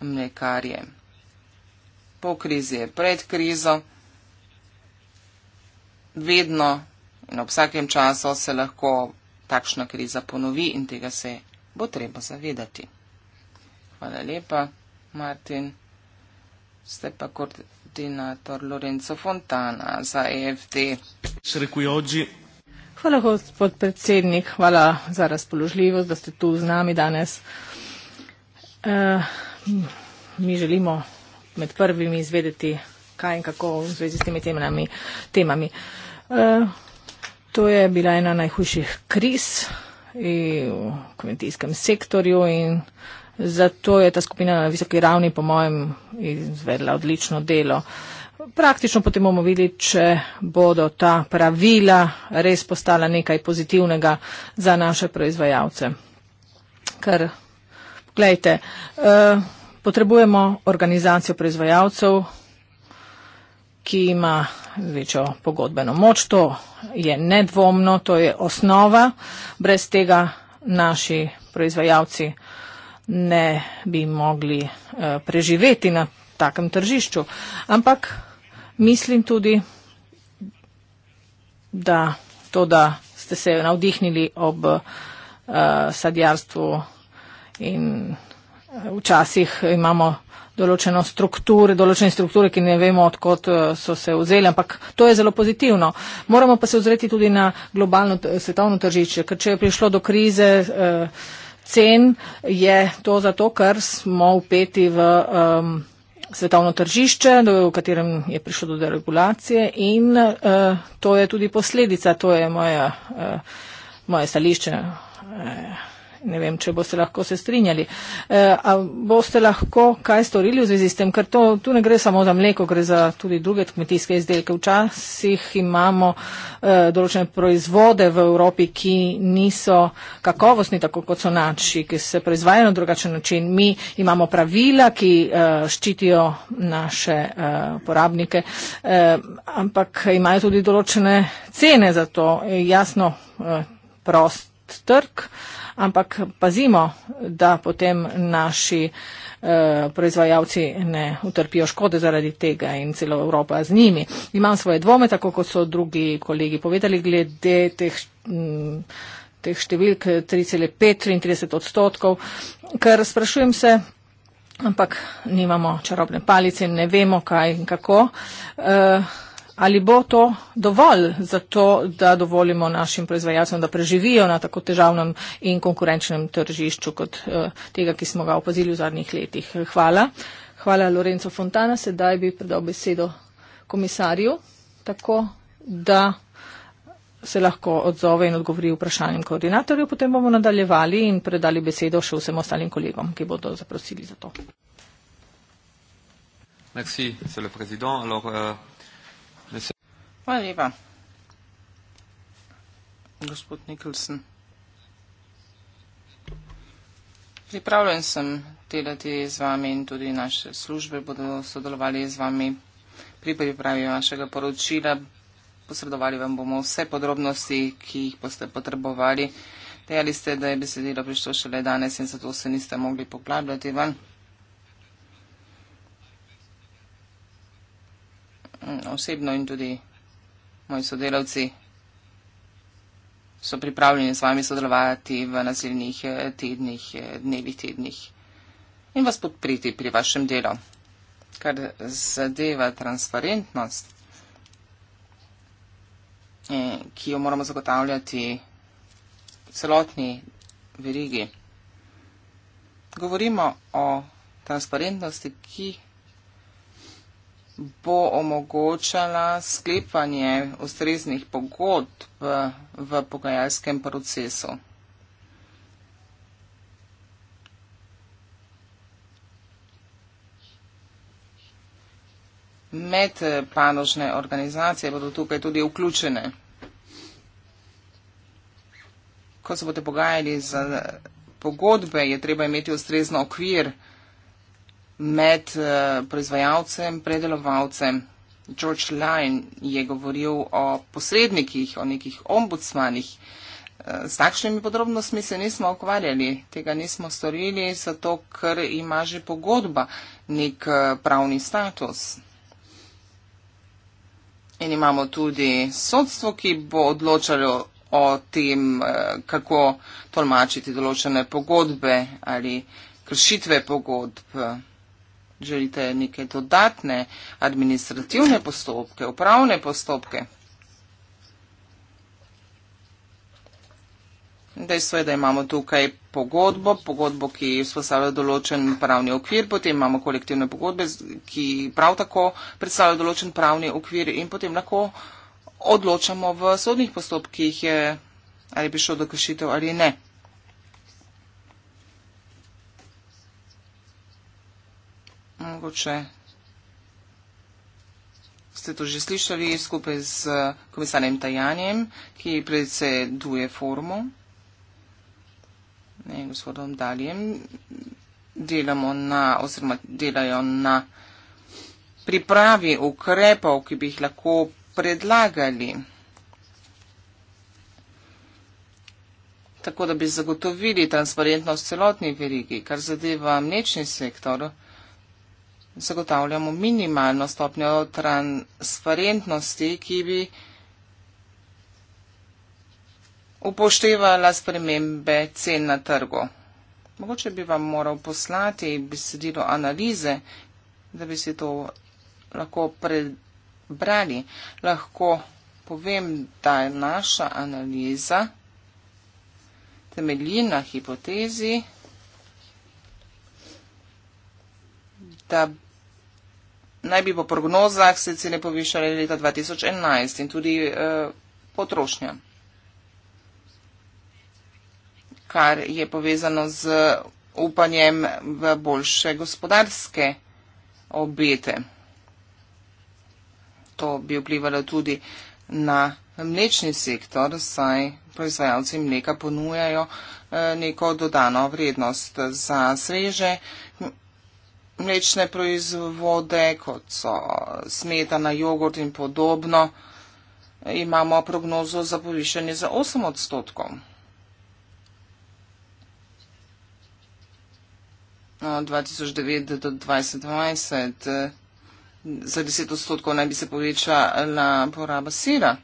mlekarje po krizi je pred krizo. Vedno in ob vsakem času se lahko takšna kriza ponovi in tega se bo treba zavedati. Hvala lepa, Martin. Ste pa koordinator Lorenzo Fontana za EFT. Hvala, gospod predsednik. Hvala za razpoložljivost, da ste tu z nami danes. Uh, mi želimo med prvimi izvedeti, kaj in kako v zvezi s temi temami. temami. E, to je bila ena najhujših kriz eh, v kmetijskem sektorju in zato je ta skupina na visoki ravni, po mojem, izvedla odlično delo. Praktično potem bomo videli, če bodo ta pravila res postala nekaj pozitivnega za naše proizvajalce. Ker, gledajte, eh, Potrebujemo organizacijo proizvajalcev, ki ima večjo pogodbeno moč. To je nedvomno, to je osnova. Brez tega naši proizvajalci ne bi mogli eh, preživeti na takem tržišču. Ampak mislim tudi, da to, da ste se navdihnili ob uh, sadjarstvu in včasih imamo določeno strukture, določene strukture, ki ne vemo, odkot eh, so se vzeli, ampak to je zelo pozitivno. Moramo pa se ozreti tudi na globalno eh, svetovno tržišče, ker če je prišlo do krize eh, cen, je to zato, ker smo upeti v um, svetovno tržišče, do, v katerem je prišlo do deregulacije in uh, to je tudi posledica, to je moje, uh, moje stališče. Uh, ne vem, če boste lahko se strinjali. E, a boste lahko kaj storili v zvezi s tem, ker to, tu ne gre samo za mleko, gre za tudi druge kmetijske izdelke. Včasih imamo e, določene proizvode v Evropi, ki niso kakovostni, tako kot so naši, ki se proizvajajo na drugačen način. Mi imamo pravila, ki e, ščitijo naše e, porabnike, e, ampak imajo tudi določene cene za to. E, jasno, e, prost trg, ampak pazimo, da potem naši eh, proizvajalci ne utrpijo škode zaradi tega in celo Evropa z njimi. Imam svoje dvome, tako kot so drugi kolegi povedali, glede teh, mm, teh številk 3,35 odstotkov, ker sprašujem se, ampak nimamo čarobne palice, ne vemo kaj in kako. Uh, ali bo to dovolj za to, da dovolimo našim proizvajalcem, da preživijo na tako težavnem in konkurenčnem tržišču kot eh, tega, ki smo ga opazili v zadnjih letih. Hvala. Hvala Lorenzo Fontana. Sedaj bi predal besedo komisarju, tako da se lahko odzove in odgovori vprašanjem koordinatorju. Potem bomo nadaljevali in predali besedo še vsem ostalim kolegom, ki bodo zaprosili za to. Merci, monsieur le Président. Alors, euh, Hvala lepa. Gospod Nikolsen. Pripravljen sem delati z vami in tudi naše službe bodo sodelovali z vami pri pripravi vašega poročila. Posredovali vam bomo vse podrobnosti, ki jih boste potrebovali. Dejali ste, da je besedilo prišlo šele danes in zato se niste mogli poglabljati ven. Mm, osebno in tudi moji sodelavci so pripravljeni s vami sodelovati v naslednjih eh, tednih, eh, dnevih, tednih in vas podpriti pri vašem delu. Kar zadeva transparentnost, eh, ki jo moramo zagotavljati celotni verigi, govorimo o transparentnosti, ki bo omogočala sklepanje ustreznih pogodb v pogajalskem procesu. Medpanožne organizacije bodo tukaj tudi vključene. Ko se boste pogajali za pogodbe, je treba imeti ustrezno okvir med uh, proizvajalcem, predelovalcem. George Line je govoril o posrednikih, o nekih ombudsmanih. Eh, s takšnimi podrobnostmi se nismo ukvarjali, tega nismo storili, zato ker ima že pogodba nek eh, pravni status. In imamo tudi sodstvo, ki bo odločalo o tem, kako tolmačiti določene pogodbe ali kršitve pogodb. Želite neke dodatne administrativne postopke, upravne postopke? Dejstvo je, da imamo tukaj pogodbo, pogodbo, ki vzpostavlja določen pravni okvir, potem imamo kolektivne pogodbe, ki prav tako predstavlja določen pravni okvir in potem lahko odločamo v sodnih postopkih, ali bi šlo do kršitev ali ne. mogoče. Ste to že slišali skupaj z eh, komisarjem Tajanjem, ki predseduje forumu, ne gospodom Daljem. Delamo na, oziroma delajo na pripravi ukrepov, ki bi jih lahko predlagali. Tako da bi zagotovili transparentnost celotni verigi, kar zadeva mlečni sektor zagotavljamo minimalno stopnjo transparentnosti, ki bi upoštevala spremembe cen na trgu. Mogoče bi vam moral poslati besedilo analize, da bi si to lahko prebrali. Lahko povem, da je naša analiza temelji na hipotezi, da naj bi po prognozah se cene povišale leta 2011 in tudi eh, potrošnja, kar je povezano z upanjem v boljše gospodarske obete. To bi vplivalo tudi na mlečni sektor, saj proizvajalci mleka ponujajo eh, neko dodano vrednost za sveže mlečne proizvode, kot so smetana, jogurt in podobno, imamo prognozo za povišanje za 8 odstotkov. 2009 no, do 2020 za 10 odstotkov naj bi se povečala poraba sira.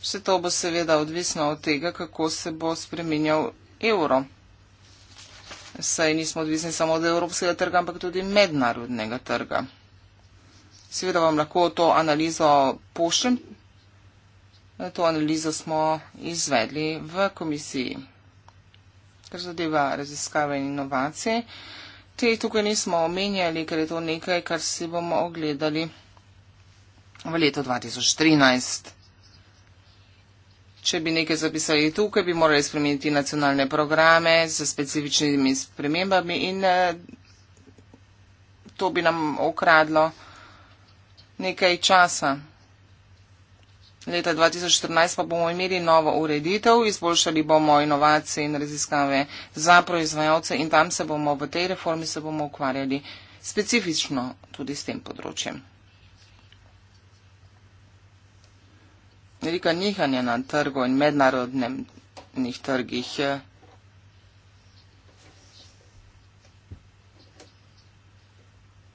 Vse to bo seveda odvisno od tega, kako se bo spremenjal evro saj nismo odvisni samo od evropskega trga, ampak tudi mednarodnega trga. Seveda vam lahko to analizo pošljem. To analizo smo izvedli v komisiji. Kar zadeva raziskave in inovacije, te tukaj nismo omenjali, ker je to nekaj, kar si bomo ogledali v letu 2013. Če bi nekaj zapisali tukaj, bi morali spremeniti nacionalne programe z specifičnimi spremembami in eh, to bi nam ukradlo nekaj časa. Leta 2014 pa bomo imeli novo ureditev, izboljšali bomo inovacije in raziskave za proizvajalce in tam se bomo v tej reformi se bomo ukvarjali specifično tudi s tem področjem. velika nihanja na trgu in mednarodnih trgih. Eh,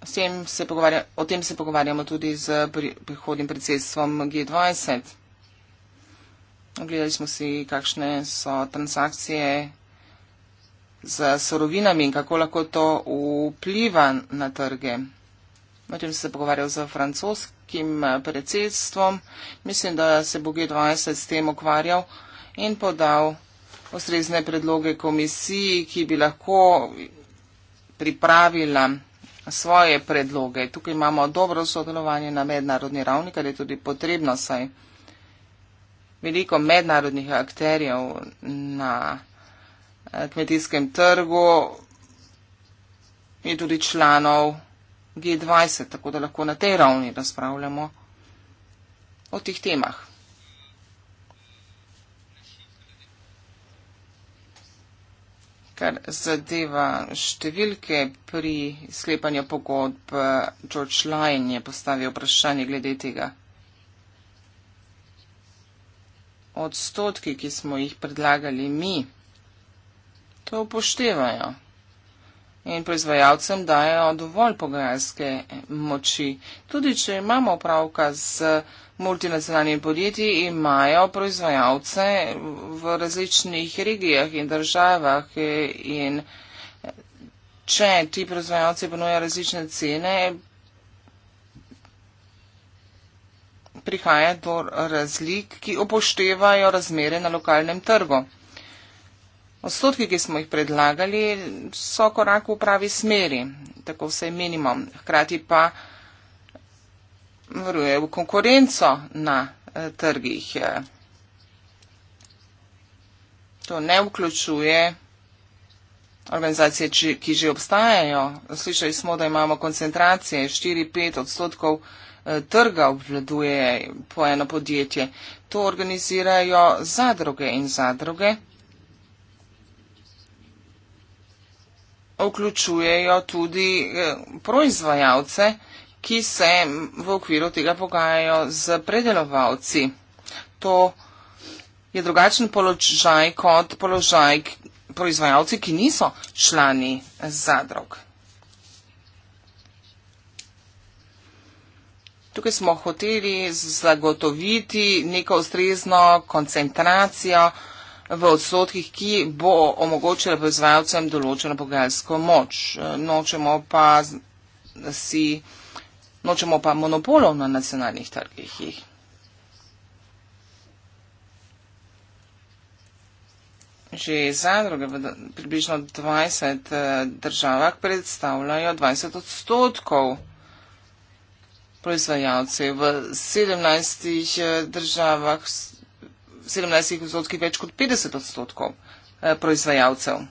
se o tem se pogovarjamo tudi z prihodnim predsedstvom G20. Ogledali smo si, kakšne so transakcije z sorovinami in kako lahko to vpliva na trge. Medtem se je pogovarjal z francoskim eh, predsedstvom. Mislim, da se bo G20 s tem ukvarjal in podal ustrezne predloge komisiji, ki bi lahko pripravila svoje predloge. Tukaj imamo dobro sodelovanje na mednarodni ravni, kar je tudi potrebno, saj veliko mednarodnih akterjev na eh, kmetijskem trgu je tudi članov G20, tako da lahko na tej ravni razpravljamo o teh temah. Kar zadeva številke pri sklepanju pogodb, George Lyon je postavil vprašanje glede tega. Odstotki, ki smo jih predlagali mi, to upoštevajo in proizvajalcem dajo dovolj pogajalske moči. Tudi, če imamo opravka z multinacionalnimi podjetji, imajo proizvajalce v različnih regijah in državah in če ti proizvajalci ponujajo različne cene, prihaja do razlik, ki upoštevajo razmere na lokalnem trgu. Odstotki, ki smo jih predlagali, so korak v pravi smeri, tako vse menimo. Hkrati pa vrujejo v konkurenco na eh, trgih. To ne vključuje organizacije, či, ki že obstajajo. Slišali smo, da imamo koncentracije 4-5 odstotkov eh, trga obvladuje po eno podjetje. To organizirajo zadruge in zadruge vključujejo tudi eh, proizvajalce, ki se v okviru tega pogajajo z predelovalci. To je drugačen položaj kot položaj proizvajalci, ki niso člani zadrug. Tukaj smo hoteli zagotoviti neko ustrezno koncentracijo v odstotkih, ki bo omogočila proizvajalcem določeno pogajalsko moč. Nočemo pa si, nočemo pa monopolov na nacionalnih trgih. Že zadruge v približno 20 eh, državah predstavljajo 20 odstotkov proizvajalcev. V 17 eh, državah 17 odstotkih več kot 50 odstotkov eh, proizvajalcev.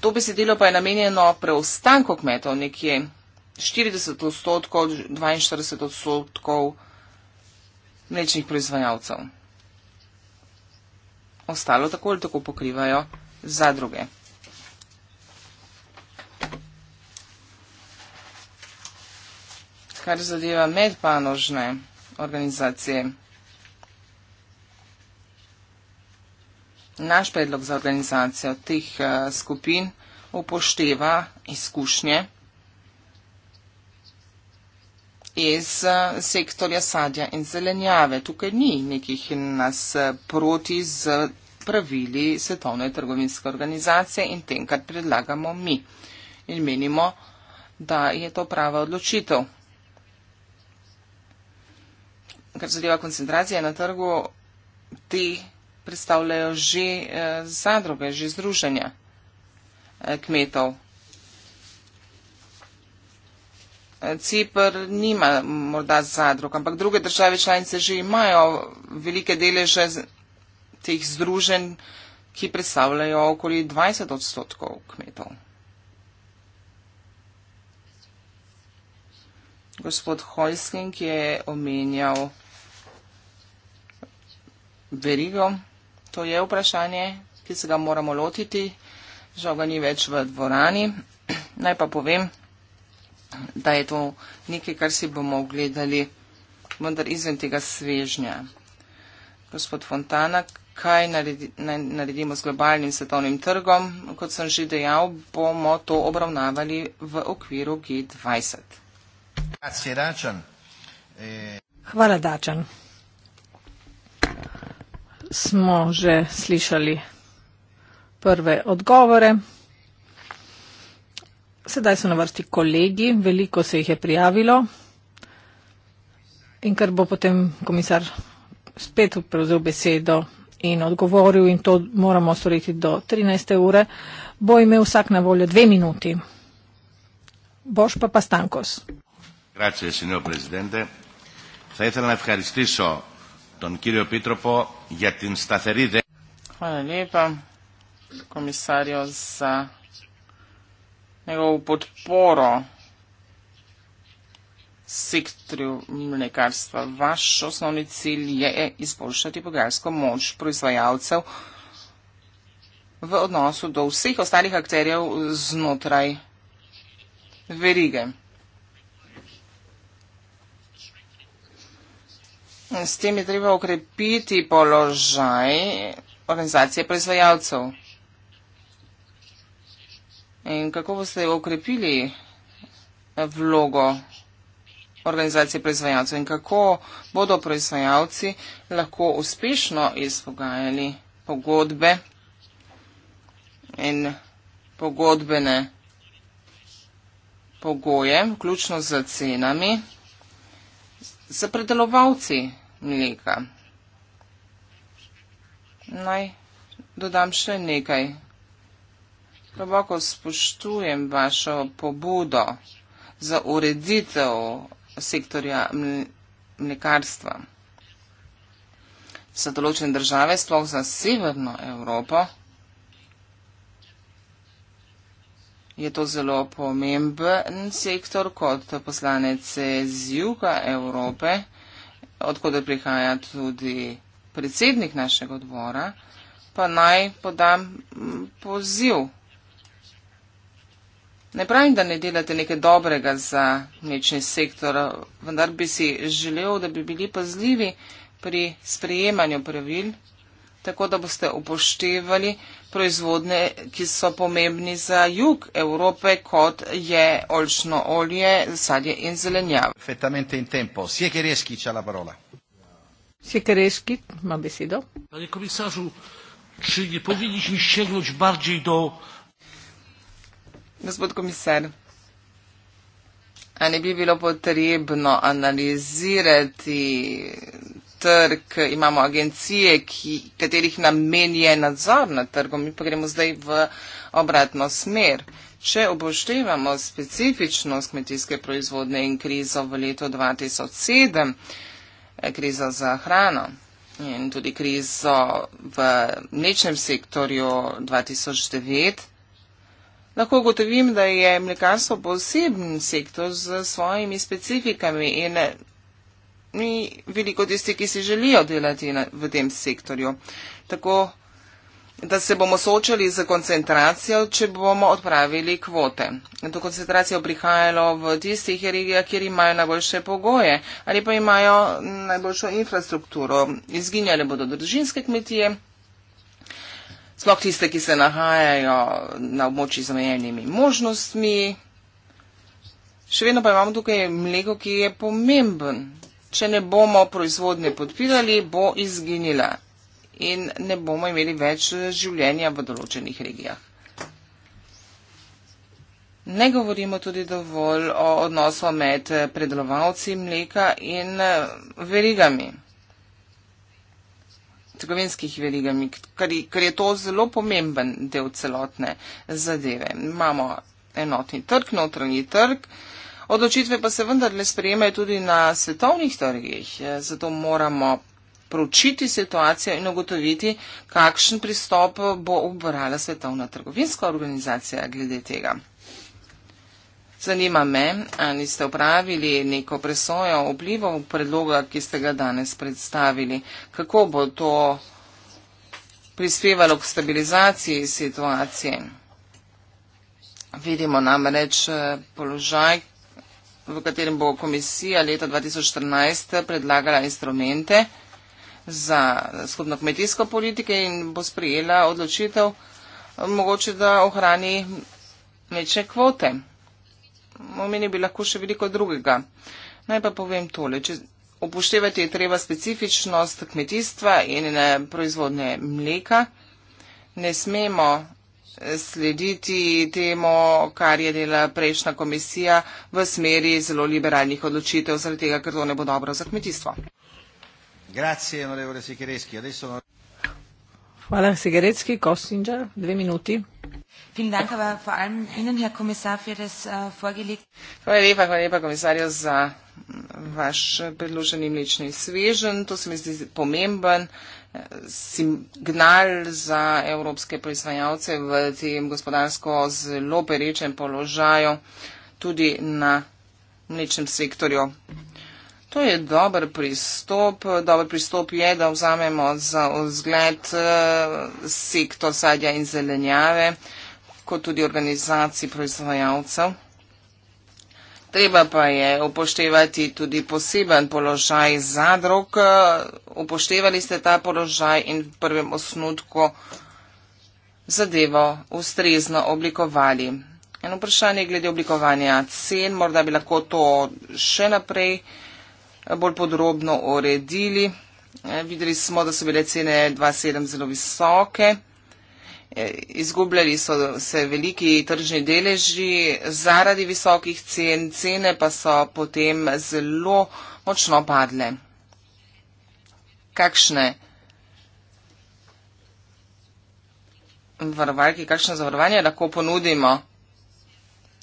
To besedilo pa je namenjeno preostanku kmetov, nekje 40 odstotkov, 42 odstotkov mlečnih proizvajalcev. Ostalo tako ali tako pokrivajo zadruge. Kar zadeva medpanožne organizacije. Naš predlog za organizacijo teh eh, skupin upošteva izkušnje iz eh, sektorja sadja in zelenjave. Tukaj ni nekih nas eh, proti z pravili Svetovne trgovinske organizacije in tem, kar predlagamo mi. In menimo, da je to prava odločitev kar zadeva koncentracije na trgu, te predstavljajo že eh, zadruge, že združenja eh, kmetov. Eh, Cipr nima morda zadrug, ampak druge države članice že imajo velike deleže teh združenj, ki predstavljajo okoli 20 odstotkov kmetov. gospod Hojsling je omenjal verigo. To je vprašanje, ki se ga moramo lotiti. Žal ga ni več v dvorani. Naj pa povem, da je to nekaj, kar si bomo ogledali, vendar izven tega svežnja. Gospod Fontana, kaj naredi, naj, naredimo z globalnim svetovnim trgom? Kot sem že dejal, bomo to obravnavali v okviru G20. Grazie, Dačan. Eh... Hvala, Dačan. Smo že slišali prve odgovore. Sedaj so na vrsti kolegi, veliko se jih je prijavilo. In ker bo potem komisar spet prevzel besedo in odgovoril in to moramo storiti do 13. ure, bo imel vsak na voljo dve minuti. Boš pa pa stankos. Grazie, signor Presidente. Θα ήθελα να ευχαριστήσω τον κύριο Πίτροπο για την σταθερή δέση. Hvala lepa, komisarjo, za njegovo podporo sektorju mlekarstva. Vaš osnovni cilj je izboljšati bogarsko moč proizvajalcev v odnosu do vseh ostalih akterjev znotraj verige. S tem je treba okrepiti položaj organizacije proizvajalcev. In kako boste okrepili vlogo organizacije proizvajalcev in kako bodo proizvajalci lahko uspešno izpogajali pogodbe in pogodbene pogoje, vključno z cenami za predelovalci mleka. Naj dodam še nekaj. Globoko spoštujem vašo pobudo za ureditev sektorja mlekarstva. Za določene države, sploh za severno Evropo, je to zelo pomemben sektor kot poslanec z juga Evrope, odkuder prihaja tudi predsednik našega odbora, pa naj podam poziv. Ne pravim, da ne delate nekaj dobrega za mlečni sektor, vendar bi si želel, da bi bili pazljivi pri sprejemanju pravil tako da boste upoštevali proizvodne, ki so pomembni za jug Evrope, kot je olčno olje, sadje in zelenjav. Fetamente in tempo. Sjekereški, če la parola. Sjekereški, ima besedo. Pane komisažu, če je povidiš in šegnoč barđe do... Gospod komisar, a ne bi bilo potrebno analizirati trg, imamo agencije, ki, katerih namen je nadzor nad trgom, mi pa gremo zdaj v obratno smer. Če obuštevamo specifičnost kmetijske proizvodne in krizo v letu 2007, eh, krizo za hrano in tudi krizo v mlečnem sektorju 2009, lahko gotovim, da je mlekarstvo poseben sektor z svojimi specifikami in ni veliko tistih, ki si želijo delati na, v tem sektorju. Tako da se bomo soočali z koncentracijo, če bomo odpravili kvote. To koncentracijo prihajalo v tistih regijah, kjer imajo najboljše pogoje ali pa imajo najboljšo infrastrukturo. Izginjale bodo družinske kmetije, sploh tiste, ki se nahajajo na območji z omejenimi možnostmi. Še vedno pa imamo tukaj mleko, ki je pomemben če ne bomo proizvodne podpirali, bo izginila in ne bomo imeli več življenja v določenih regijah. Ne govorimo tudi dovolj o odnosu med predelovalci mleka in verigami, trgovinskih verigami, ker je to zelo pomemben del celotne zadeve. Imamo enotni trg, notranji trg, uh, Odločitve pa se vendarle sprejemajo tudi na svetovnih trgih, eh, zato moramo pročiti situacijo in ugotoviti, kakšen pristop bo obvarala svetovna trgovinska organizacija glede tega. Zanima me, ali ste upravili neko presojo vplivov predloga, ki ste ga danes predstavili. Kako bo to prispevalo k stabilizaciji situacije? Vidimo namreč eh, položaj, v katerem bo komisija leta 2014 predlagala instrumente za skupno kmetijsko politiko in bo sprijela odločitev, mogoče da ohrani večje kvote. Omeni bi lahko še veliko drugega. Naj pa povem tole. Če upoštevati je treba specifičnost kmetijstva in eh, proizvodne mleka, ne smemo slediti temu, kar je delala prejšnja komisija v smeri zelo liberalnih odločitev, zaradi tega, ker to ne bo dobro za kmetijstvo. Grazie, onorevole Sigerecki. Adesso... Hvala, Sigerecki, Kostinja, dve minuti. Äh, hvala lepa, hvala lepa komisarju za vaš predloženi mlečni svežen. To se mi zdi pomemben signal za evropske proizvajalce v tem gospodarsko zelo perečem položaju tudi na mlečnem sektorju. To je dober pristop. Dober pristop je, da vzamemo za vzgled eh, sektor sadja in zelenjave, kot tudi organizacij proizvajalcev. Treba pa je upoštevati tudi poseben položaj zadrug. Upoštevali ste ta položaj in v prvem osnutku zadevo ustrezno oblikovali. Eno vprašanje glede oblikovanja cen, morda bi lahko to še naprej bolj podrobno uredili. Videli smo, da so bile cene 2.7 zelo visoke. E, izgubljali so se veliki tržni deleži zaradi visokih cen, cene pa so potem zelo močno padle. Kakšne varovalke, kakšne zavarovanje lahko ponudimo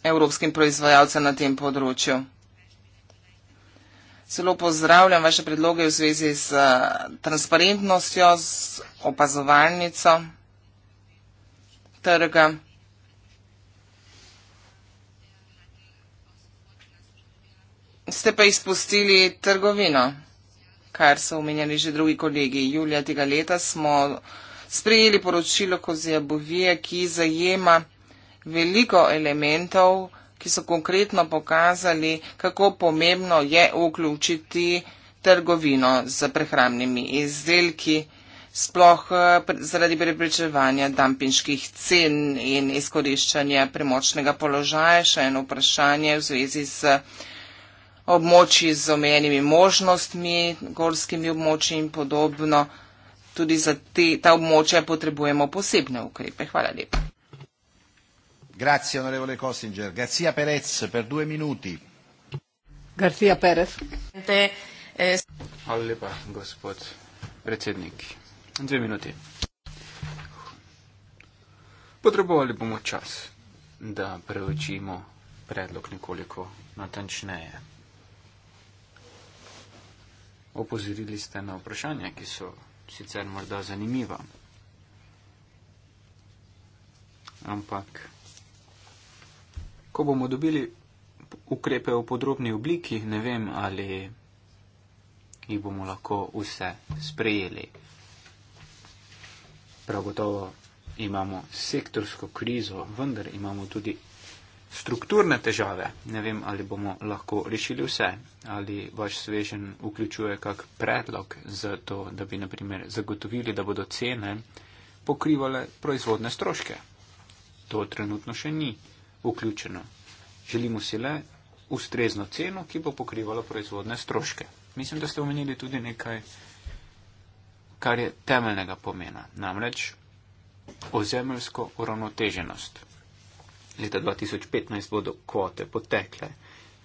evropskim proizvajalcem na tem področju? Zelo pozdravljam vaše predloge v zvezi z eh, transparentnostjo, z opazovalnico trga. Ste pa izpustili trgovino, kar so omenjali že drugi kolegi. Julija tega leta smo sprejeli poročilo Kozija Bovije, ki zajema veliko elementov, ki so konkretno pokazali, kako pomembno je vključiti trgovino z prehrambnimi izdelki sploh eh, zaradi preprečevanja dampinških cen in izkoriščanja premočnega položaja. Še eno vprašanje v zvezi z območji z omenjenimi možnostmi, gorskimi območji in podobno. Tudi za te, ta območja potrebujemo posebne ukrepe. Hvala lepa. Grazie, onorevole Kosinger. Garcia Perez, per due minuti. Garcia Perez. Eh, Hvala lepa, gospod predsednik dve minuti. Potrebovali bomo čas, da preučimo predlog nekoliko natančneje. Opozorili ste na vprašanja, ki so sicer morda zanimiva, ampak ko bomo dobili ukrepe v podrobni obliki, ne vem, ali jih bomo lahko vse sprejeli prav gotovo imamo sektorsko krizo, vendar imamo tudi strukturne težave. Ne vem, ali bomo lahko rešili vse, ali vaš svežen vključuje kak predlog za to, da bi naprimer zagotovili, da bodo cene pokrivale proizvodne stroške. To trenutno še ni vključeno. Želimo si le ustrezno ceno, ki bo pokrivala proizvodne stroške. Mislim, da ste omenili tudi nekaj kar je temeljnega pomena, namreč ozemeljsko uravnoteženost. Leta 2015 bodo kvote potekle.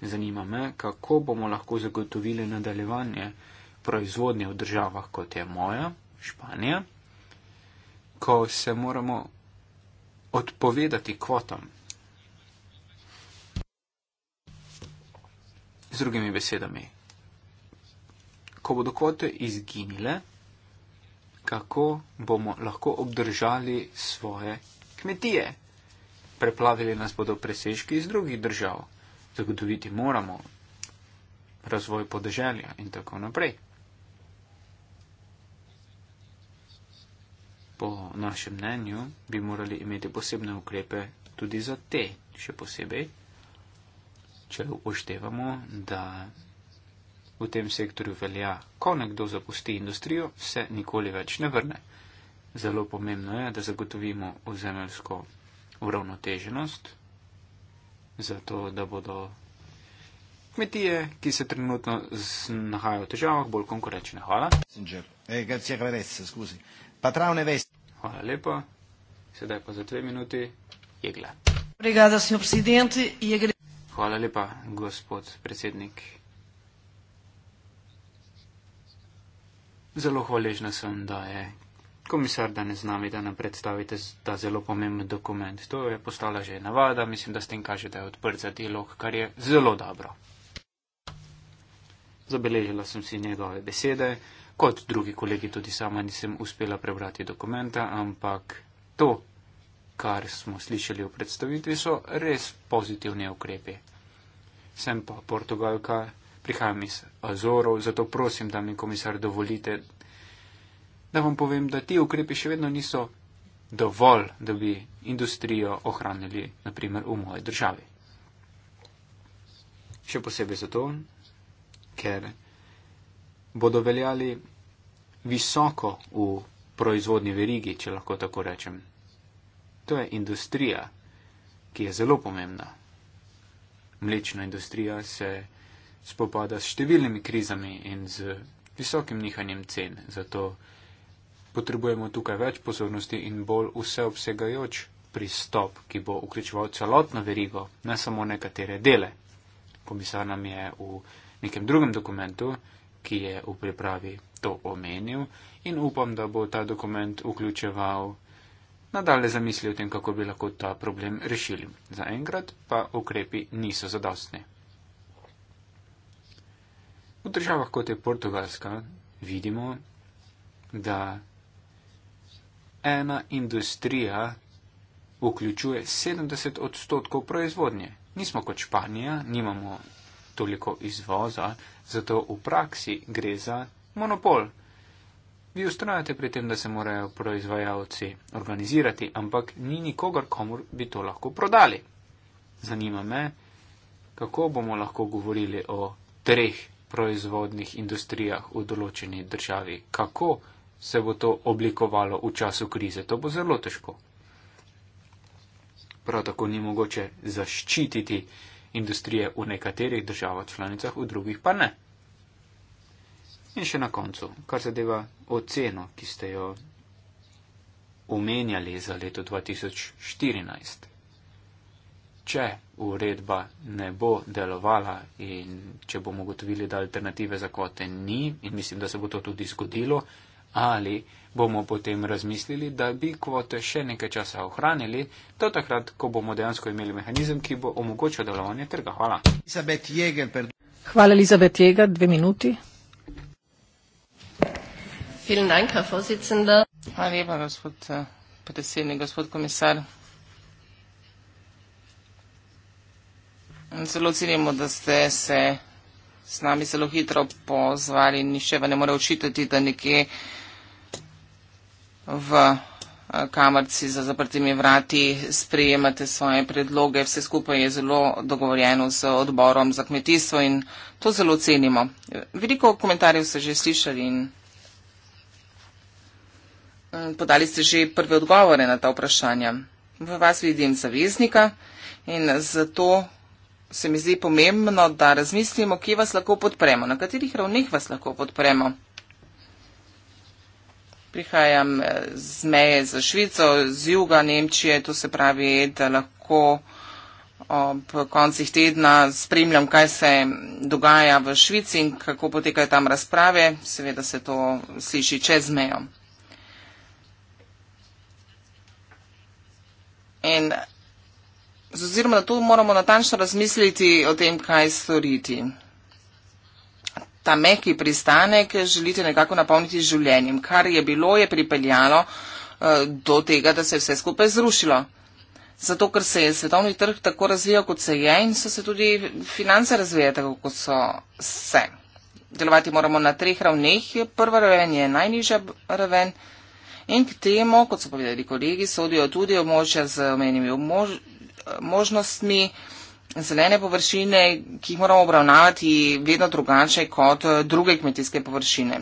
Zanima me, kako bomo lahko zagotovili nadaljevanje proizvodnje v državah, kot je moja, Španija, ko se moramo odpovedati kvotam. Z drugimi besedami, ko bodo kvote izginile, kako bomo lahko obdržali svoje kmetije. Preplavili nas bodo presežki iz drugih držav. Zagotoviti moramo razvoj podeželja in tako naprej. Po našem mnenju bi morali imeti posebne ukrepe tudi za te, še posebej, če uštevamo, da v tem sektorju velja, ko nekdo zapusti industrijo, se nikoli več ne vrne. Zelo pomembno je, da zagotovimo ozemeljsko uravnoteženost, zato da bodo kmetije, ki se trenutno nahajajo v težavah, bolj konkurenčne. Hvala. Eh, Hvala lepa. Sedaj pa za dve minuti je gled. E Hvala lepa, gospod predsednik. Zelo hvaležna sem, da je komisar danes z nami, da nam predstavite ta zelo pomemben dokument. To je postala že navada, mislim, da s tem kaže, da je odprt za dialog, kar je zelo dobro. Zabeležila sem si njegove besede, kot drugi kolegi tudi sama nisem uspela prebrati dokumenta, ampak to, kar smo slišali v predstavitvi, so res pozitivni ukrepi. Sem pa Portugalka, prihajam iz Azorov, zato prosim, da mi komisar dovolite, da vam povem, da ti ukrepi še vedno niso dovolj, da bi industrijo ohranili, naprimer, v moji državi. Še posebej zato, ker bodo veljali visoko v proizvodni verigi, če lahko tako rečem. To je industrija, ki je zelo pomembna. Mlečna industrija se spopada s številnimi krizami in z visokim nihanjem cen. Zato potrebujemo tukaj več pozornosti in bolj vseobsegajoč pristop, ki bo vključeval celotno verigo, ne samo nekatere dele. Komisar nam je v nekem drugem dokumentu, ki je v pripravi to omenil in upam, da bo ta dokument vključeval nadalje zamisli o tem, kako bi lahko ta problem rešili. Zaenkrat pa ukrepi niso zadostni. V državah kot je Portugalska vidimo, da ena industrija vključuje 70 odstotkov proizvodnje. Nismo kot Španija, nimamo toliko izvoza, zato v praksi gre za monopol. Vi ustrajate pri tem, da se morajo proizvajalci organizirati, ampak ni nikogar, komu bi to lahko prodali. Zanima me, kako bomo lahko govorili o treh proizvodnih industrijah v določeni državi. Kako se bo to oblikovalo v času krize? To bo zelo težko. Prav tako ni mogoče zaščititi industrije v nekaterih državah članicah, v drugih pa ne. In še na koncu, kar zadeva oceno, ki ste jo omenjali za leto 2014 če uredba ne bo delovala in če bomo ugotovili, da alternative za kote ni, in mislim, da se bo to tudi zgodilo, ali bomo potem razmislili, da bi kvote še nekaj časa ohranili, do takrat, ko bomo dejansko imeli mehanizem, ki bo omogočil delovanje trga. Hvala. Hvala, Elizabet Jega, dve minuti. Hvala lepa, gospod eh, predsednik, gospod komisar. Zelo cenimo, da ste se s nami zelo hitro pozvali in nihče vam ne more očitati, da nekje v eh, kamarci za zaprtimi vrati sprejemate svoje predloge. Vse skupaj je zelo dogovorjeno z odborom za kmetijstvo in to zelo cenimo. Veliko komentarjev ste že slišali in eh, podali ste že prve odgovore na ta vprašanja. V vas vidim zaveznika in zato se mi zdi pomembno, da razmislimo, kje vas lahko podpremo, na katerih ravneh vas lahko podpremo. Prihajam eh, z meje za Švico, z juga Nemčije, to se pravi, da lahko ob koncih tedna spremljam, kaj se dogaja v Švici in kako potekajo tam razprave. Seveda se to sliši čez mejo oziroma da tu moramo natančno razmisliti o tem, kaj storiti. Ta mehki pristanek želite nekako napolniti z življenjem. Kar je bilo, je pripeljalo eh, do tega, da se je vse skupaj zrušilo. Zato, ker se je svetovni trg tako razvijal, kot se je in so se tudi finance razvijale tako, kot so se. Delovati moramo na treh ravneh. Prva raven je najnižja raven in k temu, kot so povedali kolegi, sodijo tudi območja z omenjenimi območji možnostmi. Zelene površine, ki jih moramo obravnavati, vedno drugače kot eh, druge kmetijske površine.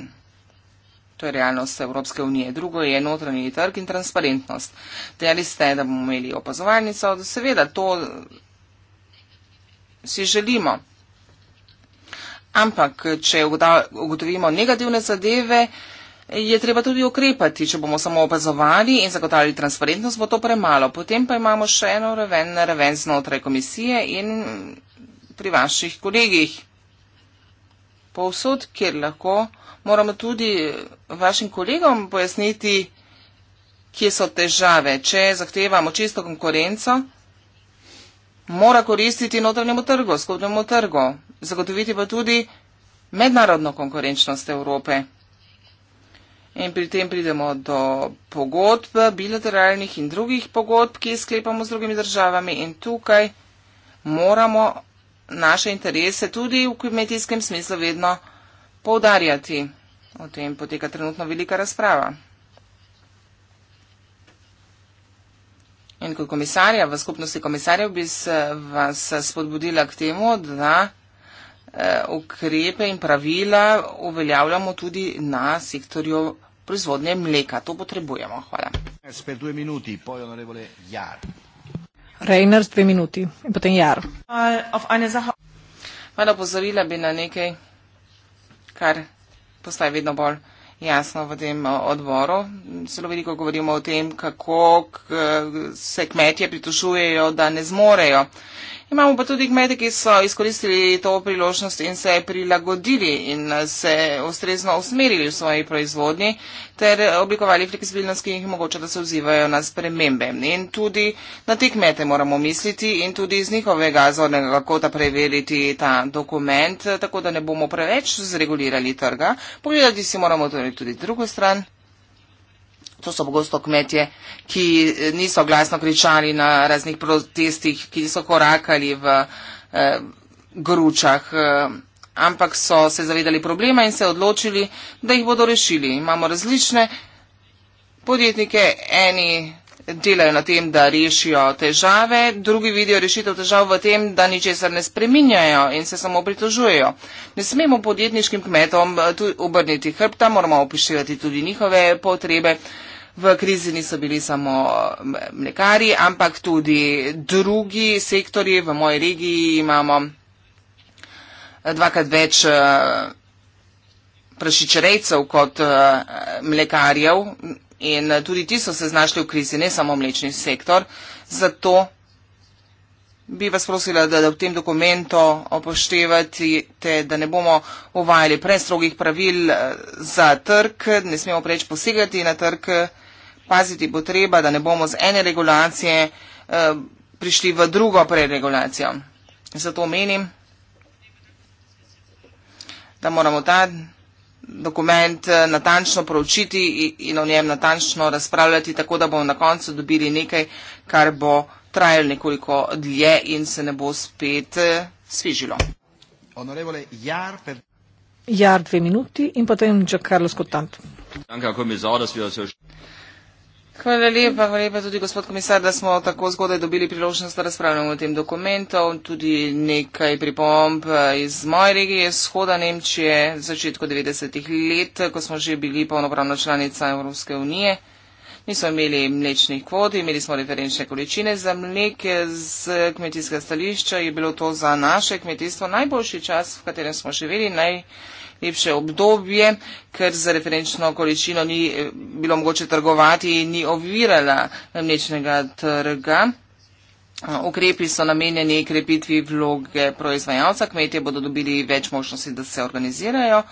To je realnost Evropske unije. Drugo je notranji trg in transparentnost. Dejali ste, da bomo imeli opazovalnico. Seveda, to eh, si želimo. Ampak, če ugotovimo negativne zadeve, je treba tudi ukrepati. Če bomo samo opazovali in zagotavljali transparentnost, bo to premalo. Potem pa imamo še eno raven, raven znotraj komisije in pri vaših kolegih. Povsod, kjer lahko, moramo tudi vašim kolegom pojasniti, kje so težave. Če zahtevamo čisto konkurenco, mora koristiti notranjemu trgu, skupnemu trgu. Zagotoviti pa tudi mednarodno konkurenčnost Evrope. In pri tem pridemo do pogodb, bilateralnih in drugih pogodb, ki sklepamo z drugimi državami in tukaj moramo naše interese tudi v kmetijskem smislu vedno poudarjati. O tem poteka trenutno velika razprava. In kot komisarja v skupnosti komisarjev bi vas spodbudila k temu, da eh, ukrepe in pravila uveljavljamo tudi na sektorju proizvodnje mleka. To potrebujemo. Hvala. Reiner, dve minuti in potem Jar. Hvala, pozorila bi na nekaj, kar postaje vedno bolj jasno v tem eh, odboru. Zelo veliko govorimo o tem, kako eh, se kmetje pritožujejo, da ne zmorejo Imamo pa tudi kmete, ki so izkoristili to priložnost in se prilagodili in se ustrezno usmerili v svoji proizvodnji ter oblikovali fleksibilnost, ki jih mogoče, da se vzivajo na spremembe. In tudi na te kmete moramo misliti in tudi iz njihovega zornega kota preveriti ta dokument, tako da ne bomo preveč zregulirali trga. Pogledati si moramo torej tudi drugo stran. To so pogosto kmetje, ki eh, niso glasno kričali na raznih protestih, ki so korakali v eh, gručah, eh, ampak so se zavedali problema in se odločili, da jih bodo rešili. Imamo različne podjetnike, eni delajo na tem, da rešijo težave, drugi vidijo rešitev težav v tem, da ničesar ne spreminjajo in se samo pritožujejo. Ne smemo podjetniškim kmetom eh, obrniti hrbta, moramo upoštevati tudi njihove potrebe. V krizi niso bili samo mlekari, ampak tudi drugi sektori. V moji regiji imamo eh, dvakrat več eh, prašičerejcev kot eh, mlekarjev in tudi ti so se znašli v krizi, ne samo mlečni sektor. Zato bi vas prosila, da, da v tem dokumentu opoštevate, da ne bomo uvajali prestrogih pravil za trg, ne smemo preveč posegati na trg paziti bo treba, da ne bomo z ene regulacije eh, prišli v drugo preregulacijo. Zato menim, da moramo ta dokument eh, natančno proučiti in o njem natančno razpravljati, tako da bomo na koncu dobili nekaj, kar bo trajalo nekoliko dlje in se ne bo spet eh, svižilo. Jar dve minuti in potem Giancarlo Scottanto. Danke, Herr Kommissar, dass wir uns hier... Hvala lepa, hvala lepa tudi gospod komisar, da smo tako zgodaj dobili priložnost, da razpravljamo o tem dokumentu. Tudi nekaj pripomb eh, iz moje regije, shoda Nemčije, začetku 90-ih let, ko smo že bili polnopravna članica Evropske unije. Nismo imeli mlečnih kvot, imeli smo referenčne količine za mleke eh, z kmetijskega stališča. Je bilo to za naše kmetijstvo najboljši čas, v katerem smo živeli. Naj lepše obdobje, ker z referenčno količino ni eh, bilo mogoče trgovati in ni ovirala mlečnega trga. Eh, ukrepi so namenjeni krepitvi vloge proizvajalca, kmetje bodo dobili več možnosti, da se organizirajo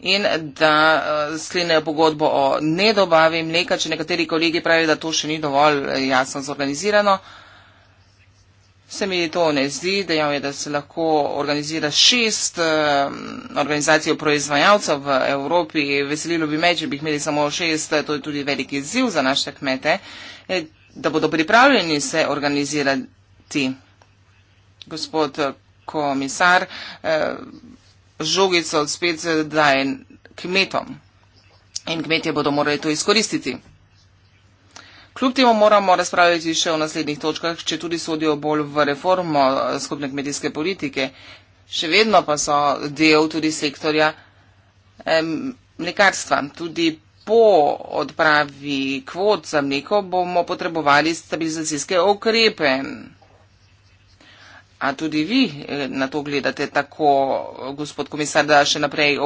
in da eh, sklenejo pogodbo o nedobavi mleka, če nekateri kolegi pravijo, da to še ni dovolj jasno zorganizirano se mi to ne zdi, dejal je, da se lahko organizira šest eh, organizacij proizvajalcev v Evropi. Veselilo bi me, če bi jih imeli samo šest, to je tudi veliki ziv za naše kmete, eh, da bodo pripravljeni se organizirati. Gospod eh, komisar, eh, žogico spet eh, daje kmetom in kmetje bodo morali to izkoristiti. Kljub temu moramo razpravljati še o naslednjih točkah, če tudi sodijo bolj v reformo eh, skupne kmetijske politike. Še vedno pa so del tudi sektorja em, mlekarstva. Tudi po odpravi kvot za mleko bomo potrebovali stabilizacijske okrepe. A tudi vi eh, na to gledate tako, gospod komisar, da še naprej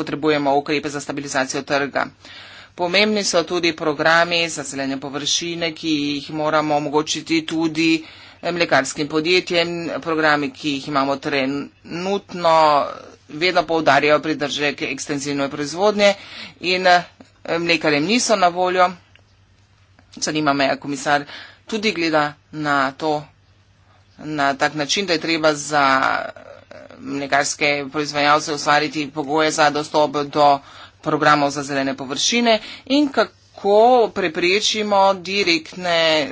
potrebujemo ukrepe za stabilizacijo trga. Uh, Pomembni so tudi programi za zelene površine, ki jih moramo omogočiti tudi eh, mlekarskim podjetjem, programi, ki jih imamo trenutno, vedno povdarjajo pridržek ekstenzivne proizvodnje in eh, mlekarjem niso na voljo. Zanima me, komisar tudi gleda na to, na tak način, da je treba za eh, mlekarske proizvajalce ustvariti pogoje za dostop do mlekarske proizvodnje programov za zelene površine in kako preprečimo direktne,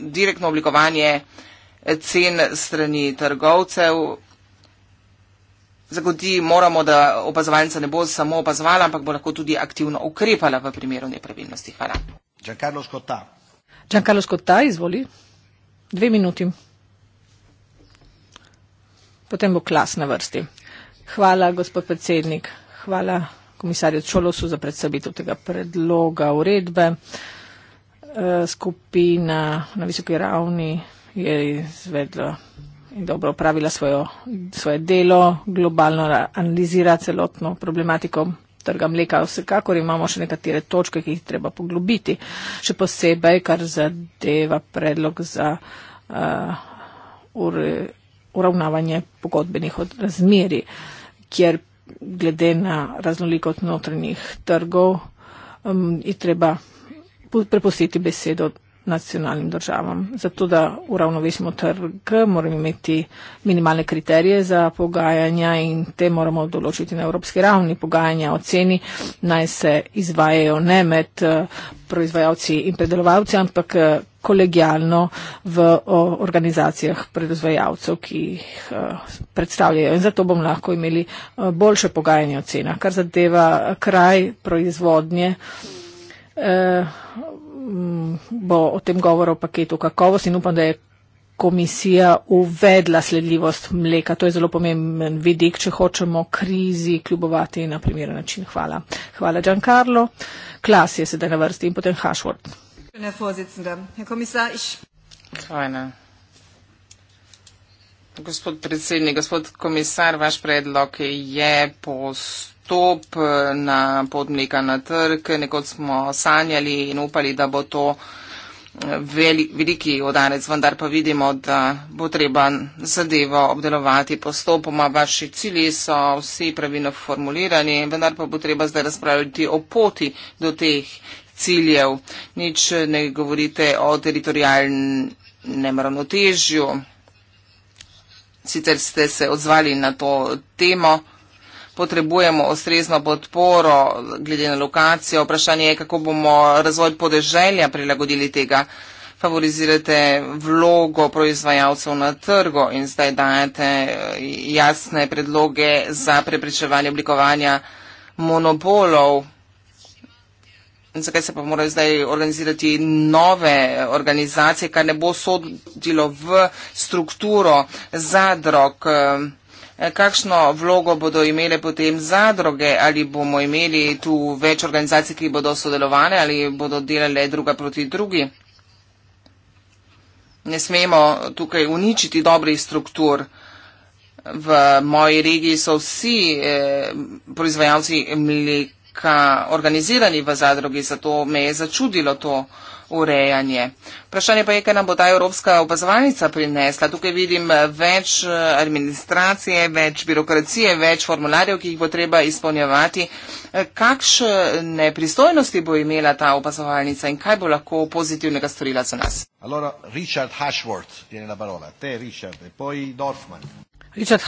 direktno oblikovanje cen strani trgovcev. Zagodi moramo, da opazovalnica ne bo samo opazovala, ampak bo lahko tudi aktivno ukrepala v primeru nepravilnosti. Hvala. Giancarlo Scotta. Giancarlo Scotta, izvoli. Dve minuti. Potem bo klas na vrsti. Hvala, gospod predsednik. Hvala komisarju Čolosu za predstavitev tega predloga uredbe. E, skupina na visoki ravni je izvedla in dobro opravila svojo, svoje delo, globalno analizira celotno problematiko trga mleka. Vsekakor imamo še nekatere točke, ki jih treba poglobiti, še posebej, kar zadeva predlog za uh, e, ur, uravnavanje pogodbenih razmeri, kjer glede na raznolikost notranjih trgov, um, je treba prepustiti besedo nacionalnim državam. Zato, da uravnovesimo trg, moramo imeti minimalne kriterije za pogajanja in te moramo določiti na evropski ravni. Pogajanja o ceni naj se izvajajo ne med eh, proizvajalci in predelovalci, ampak eh, kolegijalno v organizacijah predozvajalcev, ki jih eh, predstavljajo. In zato bomo lahko imeli boljše pogajanje o cenah, kar zadeva kraj proizvodnje. Mm, bo o tem govoril o paketu kakovosti in upam, da je komisija uvedla sledljivost mleka. To je zelo pomemben vidik, če hočemo krizi kljubovati na primeren način. Hvala. Hvala, Giancarlo. Klas je sedaj na vrsti in potem Hašward. Hvala. Gospod predsednik, gospod komisar, vaš predlog je postop na podmnika na trg, nekot smo sanjali in upali, da bo to veli, veliki odarec, vendar pa vidimo, da bo treba zadevo obdelovati postopoma. Vaši cilji so vsi pravilno formulirani, vendar pa bo treba zdaj razpravljati o poti do teh ciljev. Nič ne govorite o teritorijalnem ravnotežju sicer ste se odzvali na to temo. Potrebujemo ustrezno podporo glede na lokacijo. Vprašanje je, kako bomo razvoj podeželja prilagodili tega. Favorizirate vlogo proizvajalcev na trgu in zdaj dajete eh, jasne predloge za preprečevanje oblikovanja monopolov zakaj se pa morajo zdaj organizirati nove organizacije, kar ne bo sodilo v strukturo zadrog. Eh, kakšno vlogo bodo imele potem zadruge, ali bomo imeli tu več organizacij, ki bodo sodelovane, ali bodo delale druga proti drugi? Ne smemo tukaj uničiti dobrih struktur. V moji regiji so vsi eh, proizvajalci mleka organizirani v zadrugi, zato me je začudilo to urejanje. Vprašanje pa je, kaj nam bo ta Evropska opazovalnica prinesla. Tukaj vidim eh, več eh, administracije, več birokracije, več formularjev, ki jih bo treba izpolnjevati. Eh, kakšne pristojnosti bo imela ta opazovalnica in kaj bo lahko pozitivnega storila za nas? Allora, Richard Hashworth, Te, Richard, e Richard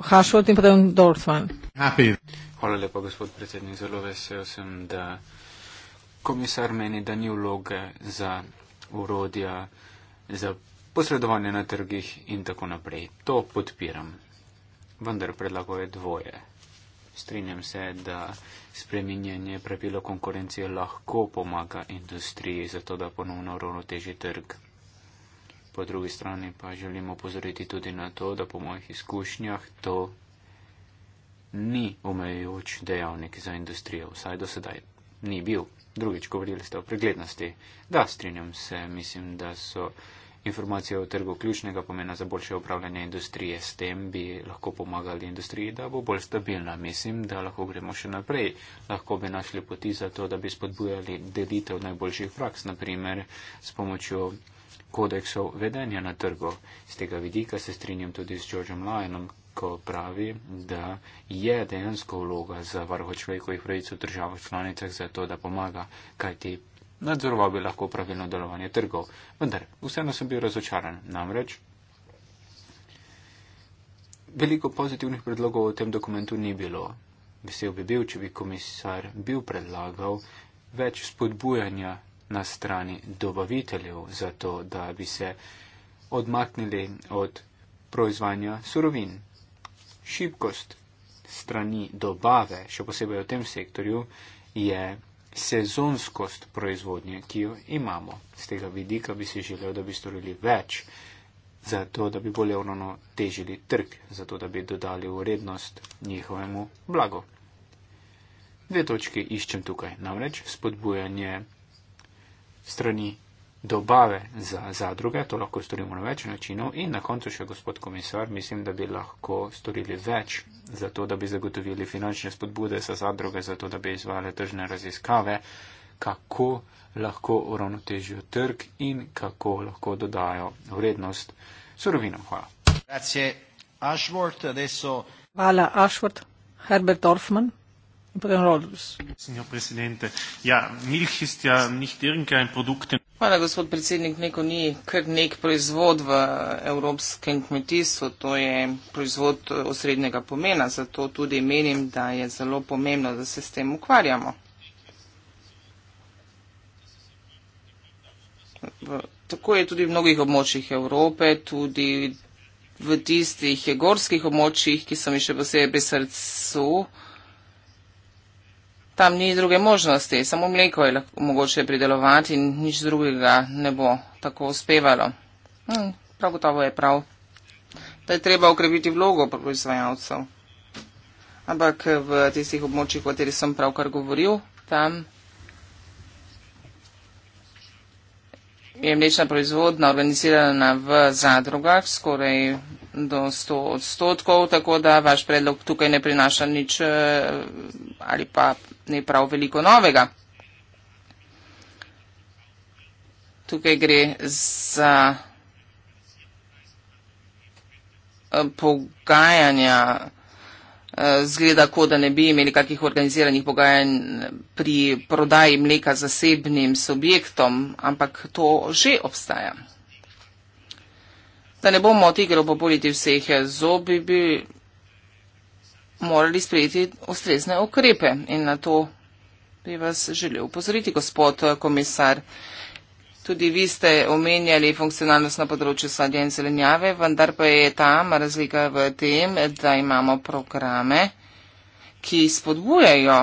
Hashworth in potem Dorfman. Hvala lepa, gospod predsednik. Zelo vesel sem, da komisar meni, da ni vloge za urodja, za posredovanje na trgih in tako naprej. To podpiram. Vendar predlago je dvoje. Strinjam se, da spreminjanje pravila konkurencije lahko pomaga industriji za to, da ponovno uravnoteži trg. Po drugi strani pa želimo pozoriti tudi na to, da po mojih izkušnjah to ni omejujoč dejavnik za industrijo, vsaj do sedaj ni bil. Drugič, govorili ste o preglednosti. Da, strinjam se, mislim, da so informacije o trgu ključnega pomena za boljše upravljanje industrije. S tem bi lahko pomagali industriji, da bo bolj stabilna. Mislim, da lahko gremo še naprej. Lahko bi našli poti za to, da bi spodbujali delitev najboljših praks, naprimer s pomočjo kodeksov vedenja na trgu. Z tega vidika se strinjam tudi s Georgeom Lyonom, ko pravi, da je dejansko vloga za varuha človekovih pravic v državah članicah za to, da pomaga, kajti nadzoroval bi lahko pravilno delovanje trgov. Vendar, vseeno sem bil razočaran. Namreč, veliko pozitivnih predlogov v tem dokumentu ni bilo. Vesel bi bil, če bi komisar bil predlagal več spodbujanja na strani dobaviteljev za to, da bi se odmaknili od proizvanja surovin, šibkost strani dobave, še posebej v tem sektorju, je sezonskost proizvodnje, ki jo imamo. Z tega vidika bi si želel, da bi storili več, zato da bi bolje urono težili trg, zato da bi dodali urednost njihovemu blago. Dve točke iščem tukaj, namreč spodbujanje strani dobave za zadruge, to lahko storimo na več načinov in na koncu še gospod komisar, mislim, da bi lahko storili več za to, da bi zagotovili finančne spodbude za zadruge, za to, da bi izvale tržne raziskave, kako lahko uravnotežijo trg in kako lahko dodajo vrednost surovinam. Hvala. Hvala, Ashworth. Herbert Dorfman. Herr Präsident, ja, Milch ist ja nicht irgendein Produkt. In Hvala, gospod predsednik. Neko ni kar nek proizvod v evropskem kmetijstvu, to je proizvod eh, osrednjega pomena, zato tudi menim, da je zelo pomembno, da se s tem ukvarjamo. Tako je tudi v mnogih območjih Evrope, tudi v tistih gorskih območjih, ki so mi še posebej srcu. Tam ni druge možnosti, samo mleko je lahko mogoče pridelovati in nič drugega ne bo tako uspevalo. Hm, prav gotovo je prav, da je treba ukrepiti vlogo proizvajalcev. Ampak v tistih območjih, o katerih sem pravkar govoril, tam je mlečna proizvodna organizirana v zadrugah skoraj do 100 odstotkov, tako da vaš predlog tukaj ne prinaša nič eh, ali pa ne prav veliko novega. Tukaj gre za eh, pogajanja. Eh, zgleda, kot da ne bi imeli kakih organiziranih pogajanj pri prodaji mleka zasebnim subjektom, ampak to že obstaja. Da ne bomo odigrali poboliti vseh zob, bi morali sprejeti ustrezne okrepe in na to bi vas želel upozoriti, gospod eh, komisar. Tudi vi ste omenjali funkcionalnost na področju sadja in zelenjave, vendar pa je tam razlika v tem, da imamo programe, ki spodbujajo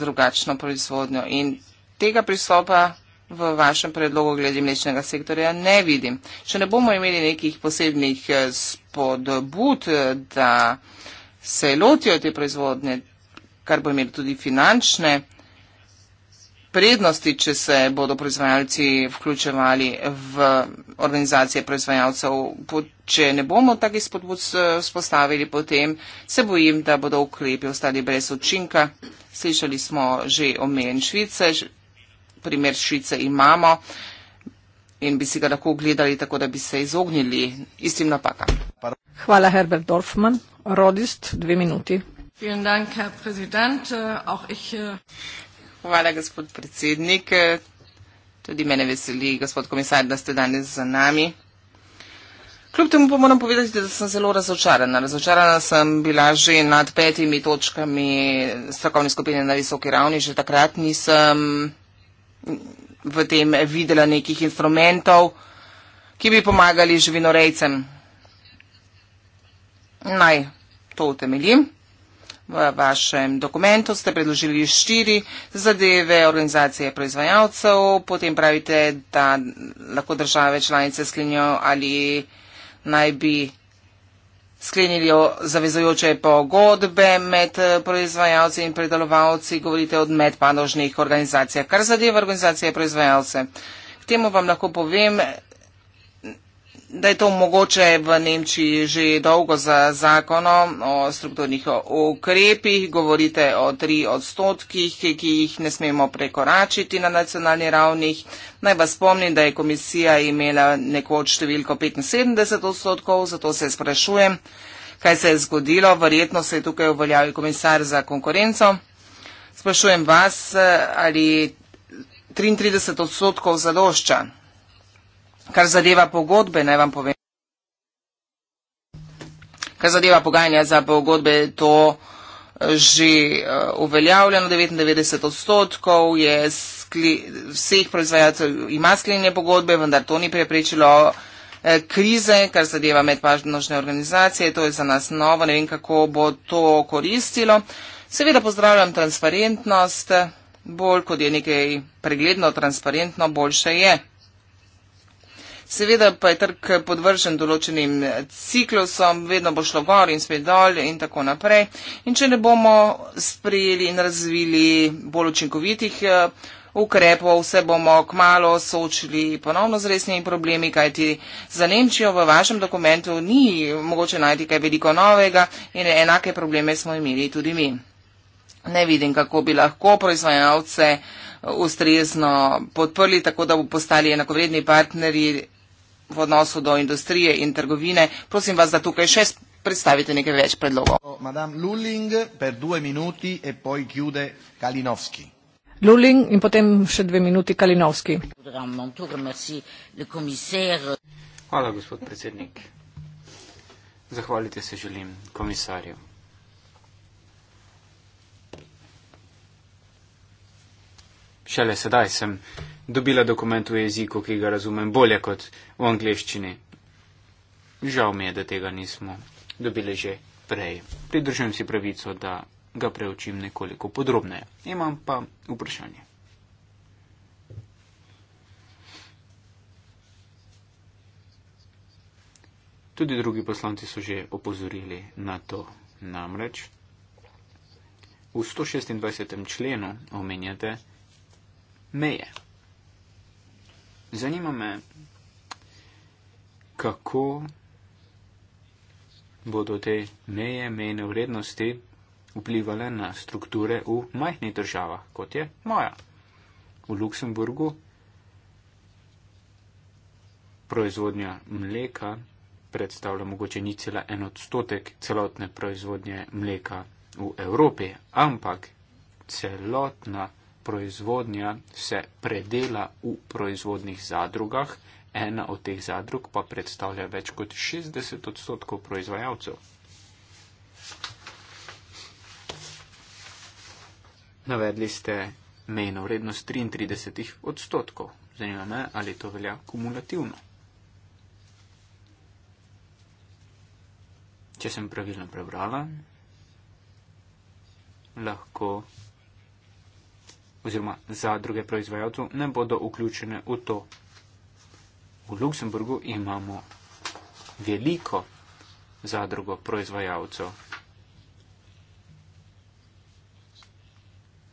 drugačno proizvodnjo in tega pristopa v vašem predlogu glede mlečnega sektorja ne vidim. Če ne bomo imeli nekih posebnih eh, spodbud, eh, da se lotijo te proizvodnje, kar bo imeli tudi finančne prednosti, če se bodo proizvajalci vključevali v organizacije proizvajalcev. Če ne bomo takih spodbud spostavili, potem se bojim, da bodo ukrepi ostali brez učinka. Slišali smo že omen Švice, primer Švice imamo. Uh, in bi si ga lahko ogledali, tako da bi se izognili istim napakam. Hvala, Herbert Dorfman. Rodist, dve minuti. Äh, äh, Hvala, gospod predsednik. Tudi mene veseli, gospod komisar, da ste danes za nami. Kljub temu pa moram povedati, da sem zelo razočarana. Razočarana sem bila že nad petimi točkami strokovne skupine na visoki ravni, že takrat nisem, v tem videla nekih instrumentov, ki bi pomagali živinorejcem. Naj to utemeljim. V vašem dokumentu ste predložili štiri zadeve organizacije proizvajalcev, potem pravite, da lahko države članice sklenijo ali naj bi sklenili o zavezujoče pogodbe med eh, proizvajalci in predelovalci, govorite od medpanožnih organizacij. Kar zadeva organizacije proizvajalce, k temu vam lahko povem, da je to mogoče v Nemčiji že dolgo za zakonom o strukturnih ukrepih, govorite o tri odstotkih, ki jih ne smemo prekoračiti na nacionalni ravni. Naj vas spomnim, da je komisija imela nekoč številko 75 odstotkov, zato se sprašujem, kaj se je zgodilo. Verjetno se je tukaj uveljavil komisar za konkurenco. Sprašujem vas, ali 33 odstotkov zadošča. Kar zadeva pogodbe, naj vam povem. Kar zadeva pogajanja za pogodbe, to eh, že eh, uveljavljeno, 99 odstotkov je skli, vseh proizvajalcev ima sklenjene pogodbe, vendar to ni preprečilo eh, krize, kar zadeva medpažnožne organizacije, to je za nas novo, ne vem, kako bo to koristilo. Seveda pozdravljam transparentnost, bolj kot je nekaj pregledno transparentno, boljše je. Seveda pa je trg podvržen določenim ciklusom, vedno bo šlo gor in spet dol in tako naprej. In če ne bomo sprejeli in razvili bolj učinkovitih eh, ukrepov, se bomo kmalo soočili ponovno z resnimi problemi, kajti za Nemčijo v vašem dokumentu ni mogoče najti kaj veliko novega in enake probleme smo imeli tudi mi. Ne vidim, kako bi lahko proizvajalce ustrezno podprli, tako da bo postali enakovredni partneri v odnosu do industrije in trgovine. Prosim vas, da tukaj še predstavite nekaj več predlogov. Luling e in potem še dve minuti Kalinovski. Hvala, gospod predsednik. Zahvalite se želim komisarju. Šele sedaj sem dobila dokument v jeziku, ki ga razumem bolje kot v angleščini. Žal mi je, da tega nismo dobili že prej. Pridržujem si pravico, da ga preučim nekoliko podrobneje. Imam pa vprašanje. Tudi drugi poslanci so že opozorili na to. Namreč v 126. členu omenjate meje. Zanima me, kako bodo te meje, mejne vrednosti vplivali na strukture v majhnih državah, kot je moja. V Luksemburgu proizvodnja mleka predstavlja mogoče ni cela en odstotek celotne proizvodnje mleka v Evropi, ampak celotna proizvodnja proizvodnja se predela v proizvodnih zadrugah, ena od teh zadrug pa predstavlja več kot 60 odstotkov proizvajalcev. Navedli ste mejno vrednost 33 odstotkov. Zanima me, ali to velja kumulativno. Če sem pravilno prebrala, lahko oziroma za druge proizvajalce, ne bodo vključene v to. V Luksemburgu imamo veliko zadrugo proizvajalcev.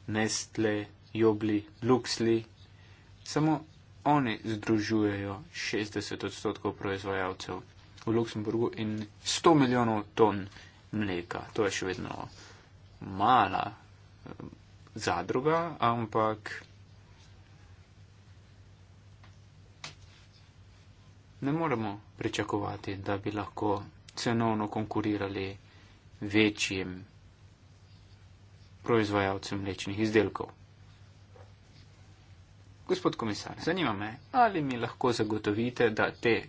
Nestle, Jobli, Luxli, samo oni združujejo 60 odstotkov proizvajalcev v Luksemburgu in 100 milijonov ton mleka. To je še vedno mala, zadruga, ampak ne moremo pričakovati, da bi lahko cenovno konkurirali večjim proizvajalcem mlečnih izdelkov. Gospod komisar, zanima me, ali mi lahko zagotovite, da te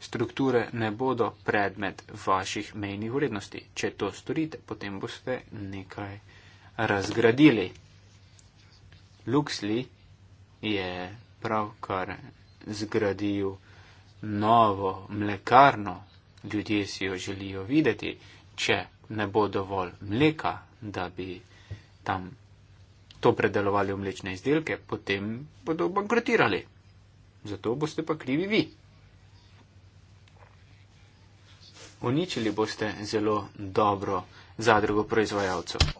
strukture ne bodo predmet vaših mejnih vrednosti. Če to storite, potem boste nekaj razgradili. Luxley je pravkar zgradil novo mlekarno, ljudje si jo želijo videti, če ne bo dovolj mleka, da bi tam to predelovali v mlečne izdelke, potem bodo bankrotirali. Zato boste pa krivi vi. Uničili boste zelo dobro zadrugo proizvajalcev.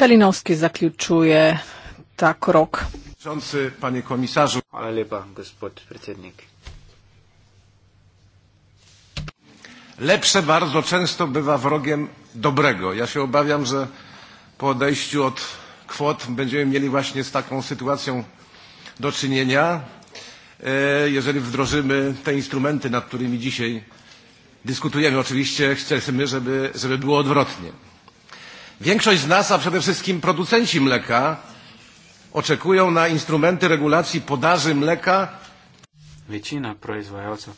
Kalinovski zaključuje ta krok. Hvala lepa, gospod predsednik. Lepše bardzo często bywa wrogiem dobrego. Ja się obawiam, że po odejściu od kwot będziemy mieli właśnie z taką sytuacją do czynienia, e, jeżeli wdrożymy te instrumenty, nad którymi dzisiaj dyskutujemy. Oczywiście chcemy, żeby, żeby było odwrotnie. Większość z nas, a przede wszystkim producenci mleka, oczekują na instrumenty regulacji podaży mleka. Wycina proizwajalca.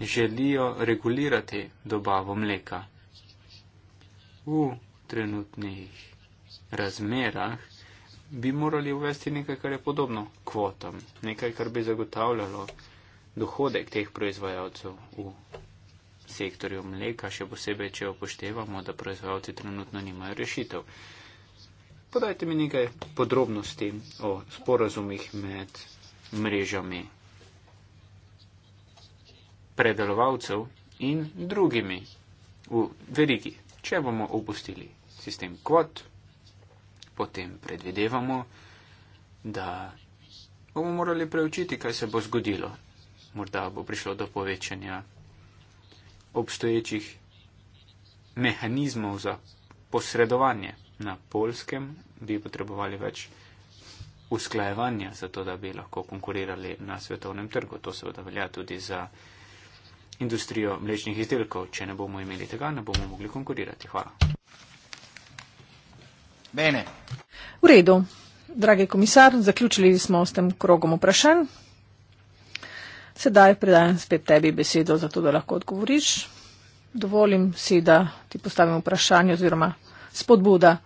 Želijo regulirati dobavo mleka. V trenutnih razmerah bi morali uvesti nekaj, kar je podobno kvotam, nekaj, kar bi zagotavljalo dohodek teh proizvajalcev v sektorju mleka, še posebej, če upoštevamo, da proizvajalci trenutno nimajo rešitev. Podajte mi nekaj podrobnosti o sporazumih med mrežami predelovalcev in drugimi v verigi. Če bomo opustili sistem kvot, potem predvidevamo, da bomo morali preučiti, kaj se bo zgodilo. Morda bo prišlo do povečanja obstoječih mehanizmov za posredovanje na polskem, bi potrebovali več usklajevanja, zato da bi lahko konkurirali na svetovnem trgu. To seveda velja tudi za industrijo mlečnih izdelkov. Če ne bomo imeli tega, ne bomo mogli konkurirati. Hvala. Bene. V redu. Dragi komisar, zaključili smo s tem krogom vprašanj. Sedaj predajam spet tebi besedo, zato da lahko odgovoriš. Dovolim si, da ti postavim vprašanje oziroma spodbuda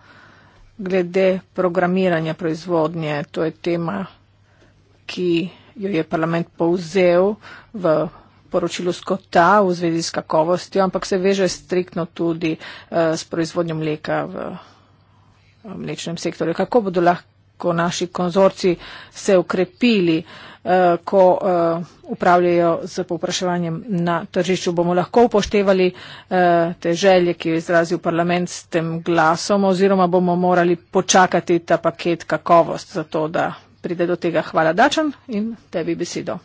glede programiranja proizvodnje. To je tema, ki jo je parlament povzel v poročilu Skota v zvezi s kakovostjo, ampak se veže striktno tudi uh, s proizvodnjo mleka v eh, mlečnem sektorju. Kako bodo lahko ko naši konzorci se ukrepili, eh, ko eh, upravljajo z popraševanjem na tržišču, bomo lahko upoštevali eh, te želje, ki je izrazil parlament s tem glasom oziroma bomo morali počakati ta paket kakovost za to, da pride do tega. Hvala Dačan in tebi besedo.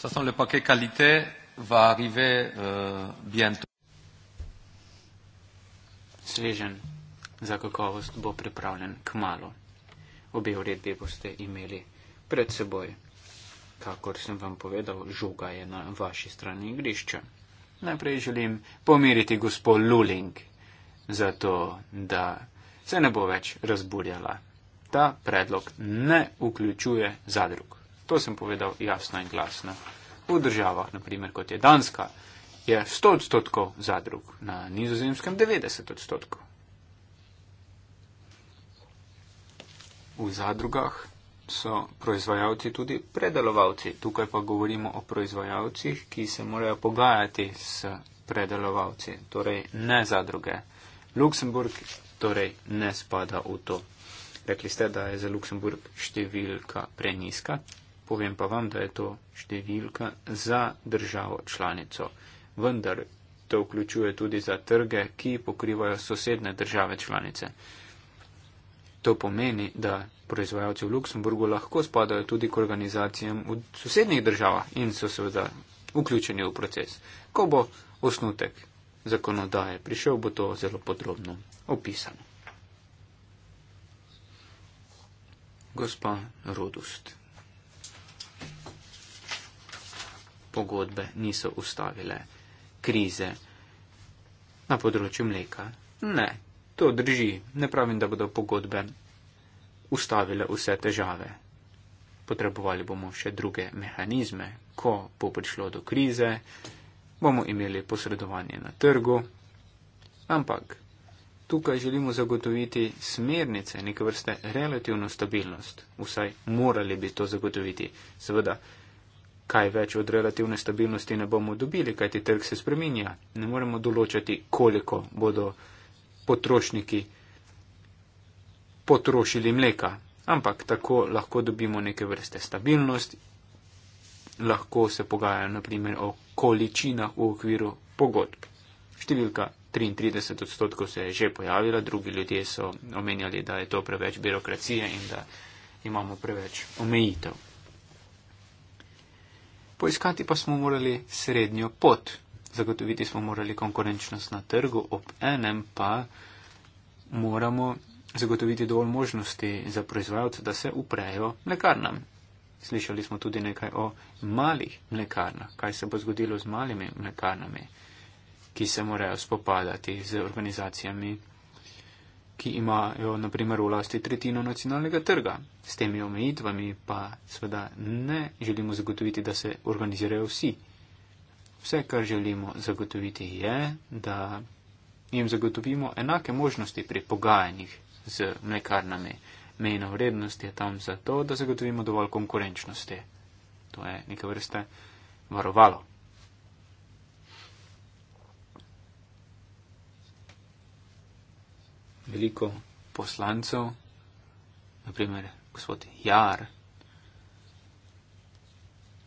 Ce sont le paquet qualité va arriver euh, bientôt. Svežen za kakovost bo pripravljen k malo. Obe uredbi boste imeli pred seboj. Kakor sem vam povedal, žuga je na vaši strani igrišča. Najprej želim pomiriti gospod Luling, zato da se ne bo več razburjala. Ta predlog ne vključuje zadrug. To sem povedal jasno in glasno v državah, naprimer kot je Danska, je 100 odstotkov zadrug, na nizozemskem 90 odstotkov. V zadrugah so proizvajalci tudi predelovalci. Tukaj pa govorimo o proizvajalcih, ki se morajo pogajati s predelovalci, torej ne zadruge. Luksemburg torej ne spada v to. Rekli ste, da je za Luksemburg številka preniska. Povem pa vam, da je to številka za državo članico. Vendar to vključuje tudi za trge, ki pokrivajo sosedne države članice. To pomeni, da proizvajalci v Luksemburgu lahko spadajo tudi k organizacijam v sosednjih državah in so seveda vključeni v proces. Ko bo osnutek zakonodaje prišel, bo to zelo podrobno opisano. Gospa Rodust. pogodbe niso ustavile krize na področju mleka. Ne, to drži. Ne pravim, da bodo pogodbe ustavile vse težave. Potrebovali bomo še druge mehanizme. Ko bo prišlo do krize, bomo imeli posredovanje na trgu. Ampak tukaj želimo zagotoviti smernice, neke vrste relativno stabilnost. Vsaj morali bi to zagotoviti. Seveda, kaj več od relativne stabilnosti ne bomo dobili, kajti trg se spreminja. Ne moremo določati, koliko bodo potrošniki potrošili mleka, ampak tako lahko dobimo neke vrste stabilnost, lahko se pogajajo naprimer o količinah v okviru pogodb. Številka 33 odstotkov se je že pojavila, drugi ljudje so omenjali, da je to preveč birokracije in da imamo preveč omejitev poiskati pa smo morali srednjo pot. Zagotoviti smo morali konkurenčnost na trgu, ob enem pa moramo zagotoviti dovolj možnosti za proizvajalce, da se uprejo mlekarnam. Slišali smo tudi nekaj o malih mlekarnah, kaj se bo zgodilo z malimi mlekarnami, ki se morajo spopadati z organizacijami ki imajo naprimer v lasti tretjino nacionalnega trga. S temi omejitvami pa seveda ne želimo zagotoviti, da se organizirajo vsi. Vse, kar želimo zagotoviti, je, da jim zagotovimo enake možnosti pri pogajanjih z mlekarnami. Mejna vrednost je tam zato, da zagotovimo dovolj konkurenčnosti. To je neke vrste varovalo. veliko poslancev, naprimer gospod Jar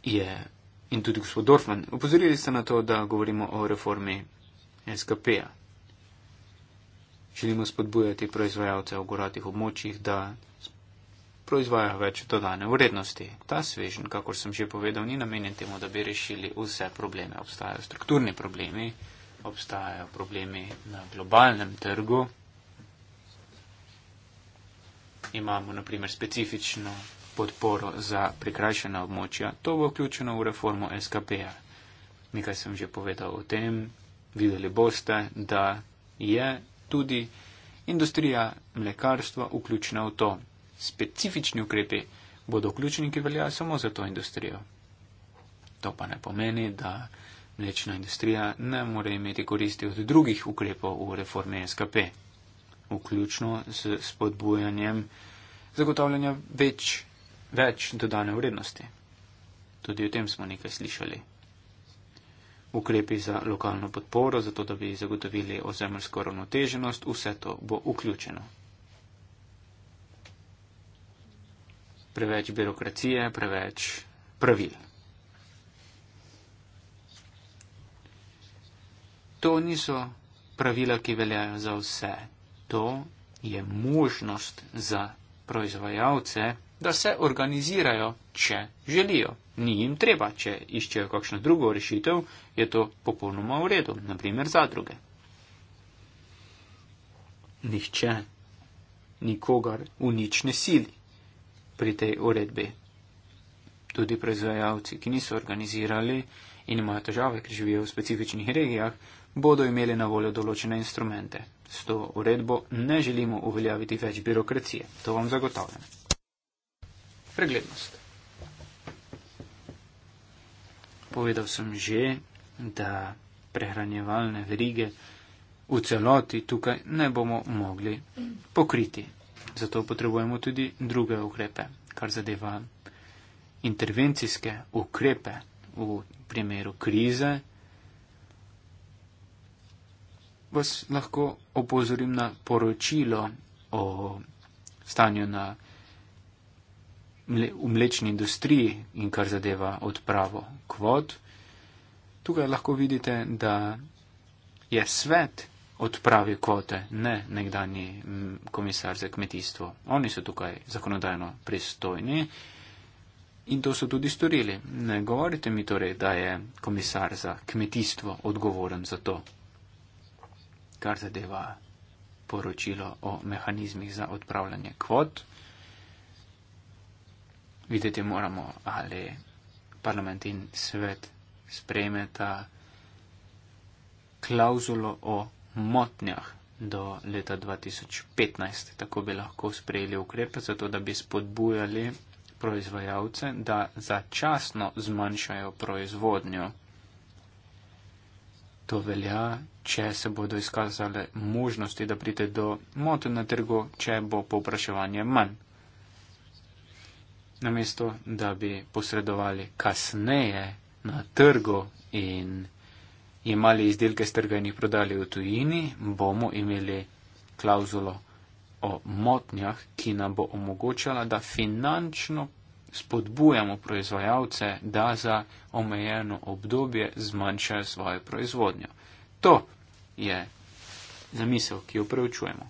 je, in tudi gospod Dorfman, opozorili ste na to, da govorimo o reformi SKP-ja. Želimo spodbujati proizvajalce v goratih območjih, da proizvajajo več dodane vrednosti. Ta svežen, kakor sem že povedal, ni namenjen temu, da bi rešili vse probleme. Obstajajo strukturni problemi, obstajajo problemi na globalnem trgu imamo naprimer specifično podporo za prikrajšena območja, to bo vključeno v reformo SKP-ja. Nekaj sem že povedal o tem, videli boste, da je tudi industrija mlekarstva vključena v to. Specifični ukrepi bodo vključeni, ki veljajo samo za to industrijo. To pa ne pomeni, da mlečna industrija ne more imeti koristi od drugih ukrepov v reformi SKP-ja vključno s spodbujanjem zagotavljanja več, več dodane vrednosti. Tudi o tem smo nekaj slišali. Ukrepi za lokalno podporo, zato da bi zagotovili ozemljsko ravnoteženost, vse to bo vključeno. Preveč birokracije, preveč pravil. To niso pravila, ki veljajo za vse to je možnost za proizvajalce, da se organizirajo, če želijo. Ni jim treba, če iščejo kakšno drugo rešitev, je to popolnoma v redu, naprimer zadruge. Nihče nikogar v nič ne sili pri tej uredbi. Tudi proizvajalci, ki niso organizirali in imajo težave, ker živijo v specifičnih regijah, bodo imeli na voljo določene instrumente. S to uredbo ne želimo uveljaviti več birokracije, to vam zagotavljam. Preglednost. Povedal sem že, da prehranjevalne verige v celoti tukaj ne bomo mogli pokriti. Zato potrebujemo tudi druge ukrepe, kar zadeva intervencijske ukrepe v primeru krize vas lahko opozorim na poročilo o stanju na, v mlečni industriji in kar zadeva odpravo kvot. Tukaj lahko vidite, da je svet odpravi kvote, ne nekdani komisar za kmetijstvo. Oni so tukaj zakonodajno pristojni in to so tudi storili. Ne govorite mi torej, da je komisar za kmetijstvo odgovoren za to kar zadeva poročilo o mehanizmih za odpravljanje kvot. Videti moramo, ali parlament in svet sprejmeta klauzulo o motnjah do leta 2015. Tako bi lahko sprejeli ukrepe, zato da bi spodbujali proizvajalce, da začasno zmanjšajo proizvodnjo to velja, če se bodo izkazale možnosti, da pride do motenj na trgu, če bo povpraševanje manj. Namesto, da bi posredovali kasneje na trgu in imali izdelke z trga in jih prodali v tujini, bomo imeli klauzulo o motnjah, ki nam bo omogočala, da finančno spodbujamo proizvajalce, da za omejeno obdobje zmanjšajo svojo proizvodnjo. To je zamisel, ki jo preučujemo.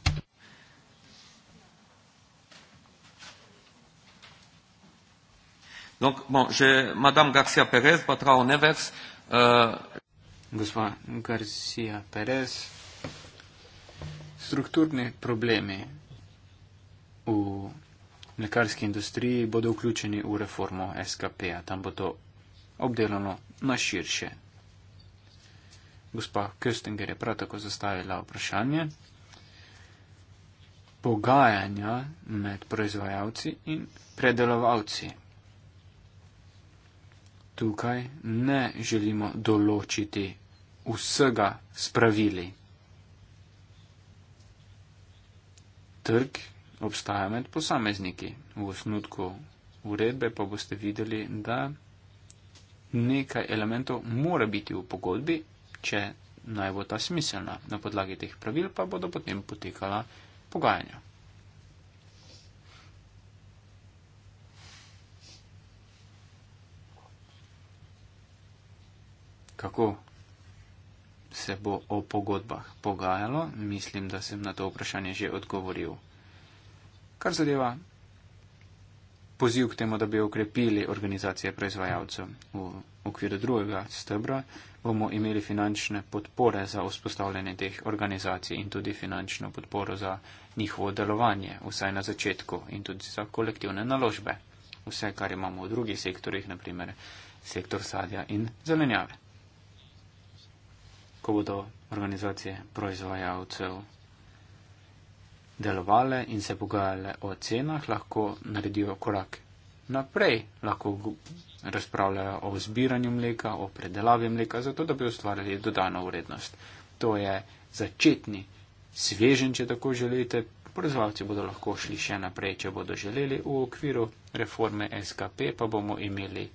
Donc, bon, je, madame Garcia Perez, votre univers, euh... Gospa Garcia Perez, strukturni problemi v mlekarski industriji bodo vključeni v reformo SKP-a. Tam bo to obdelano na širše. Gospa Köstinger je prav tako zastavila vprašanje. Pogajanja med proizvajalci in predelovalci. Tukaj ne želimo določiti vsega spravili. Trg obstaja med posamezniki. V osnutku uredbe pa boste videli, da nekaj elementov mora biti v pogodbi, če naj bo ta smiselna. Na podlagi teh pravil pa bodo potem potekala pogajanja. Kako se bo o pogodbah pogajalo? Mislim, da sem na to vprašanje že odgovoril kar zadeva poziv k temu, da bi okrepili organizacije proizvajalcev. V okviru drugega stebra bomo imeli finančne podpore za vzpostavljanje teh organizacij in tudi finančno podporo za njihovo delovanje, vsaj na začetku, in tudi za kolektivne naložbe. Vse, kar imamo v drugih sektorjih, naprimer sektor sadja in zelenjave. Ko bodo organizacije proizvajalcev delovale in se pogajale o cenah, lahko naredijo korak naprej, lahko razpravljajo o zbiranju mleka, o predelavi mleka, zato da bi ustvarili dodano vrednost. To je začetni svežen, če tako želite. Proizvajalci bodo lahko šli še naprej, če bodo želeli. V okviru reforme SKP pa bomo imeli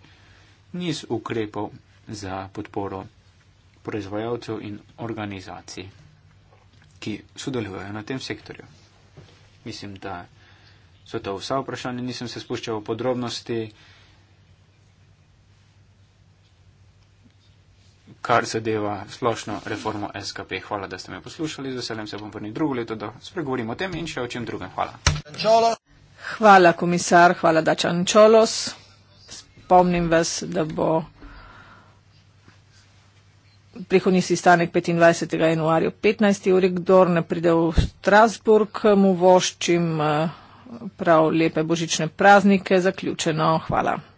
niz ukrepov za podporo proizvajalcev in organizacij, ki sodelujejo na tem sektorju. Mislim, da so to vsa vprašanja, nisem se spuščal v podrobnosti, kar zadeva splošno reformo SKP. Hvala, da ste me poslušali, z veseljem se bom vrnil drugo leto, da spregovorim o tem in še o čem drugem. Hvala. Hvala, komisar, hvala, da čan čolos. Spomnim vas, da bo prihodnji sestanek 25. januarja ob 15. uri, kdor ne pride v Strasburg, mu voščim eh, prav lepe božične praznike. Zaključeno. Hvala.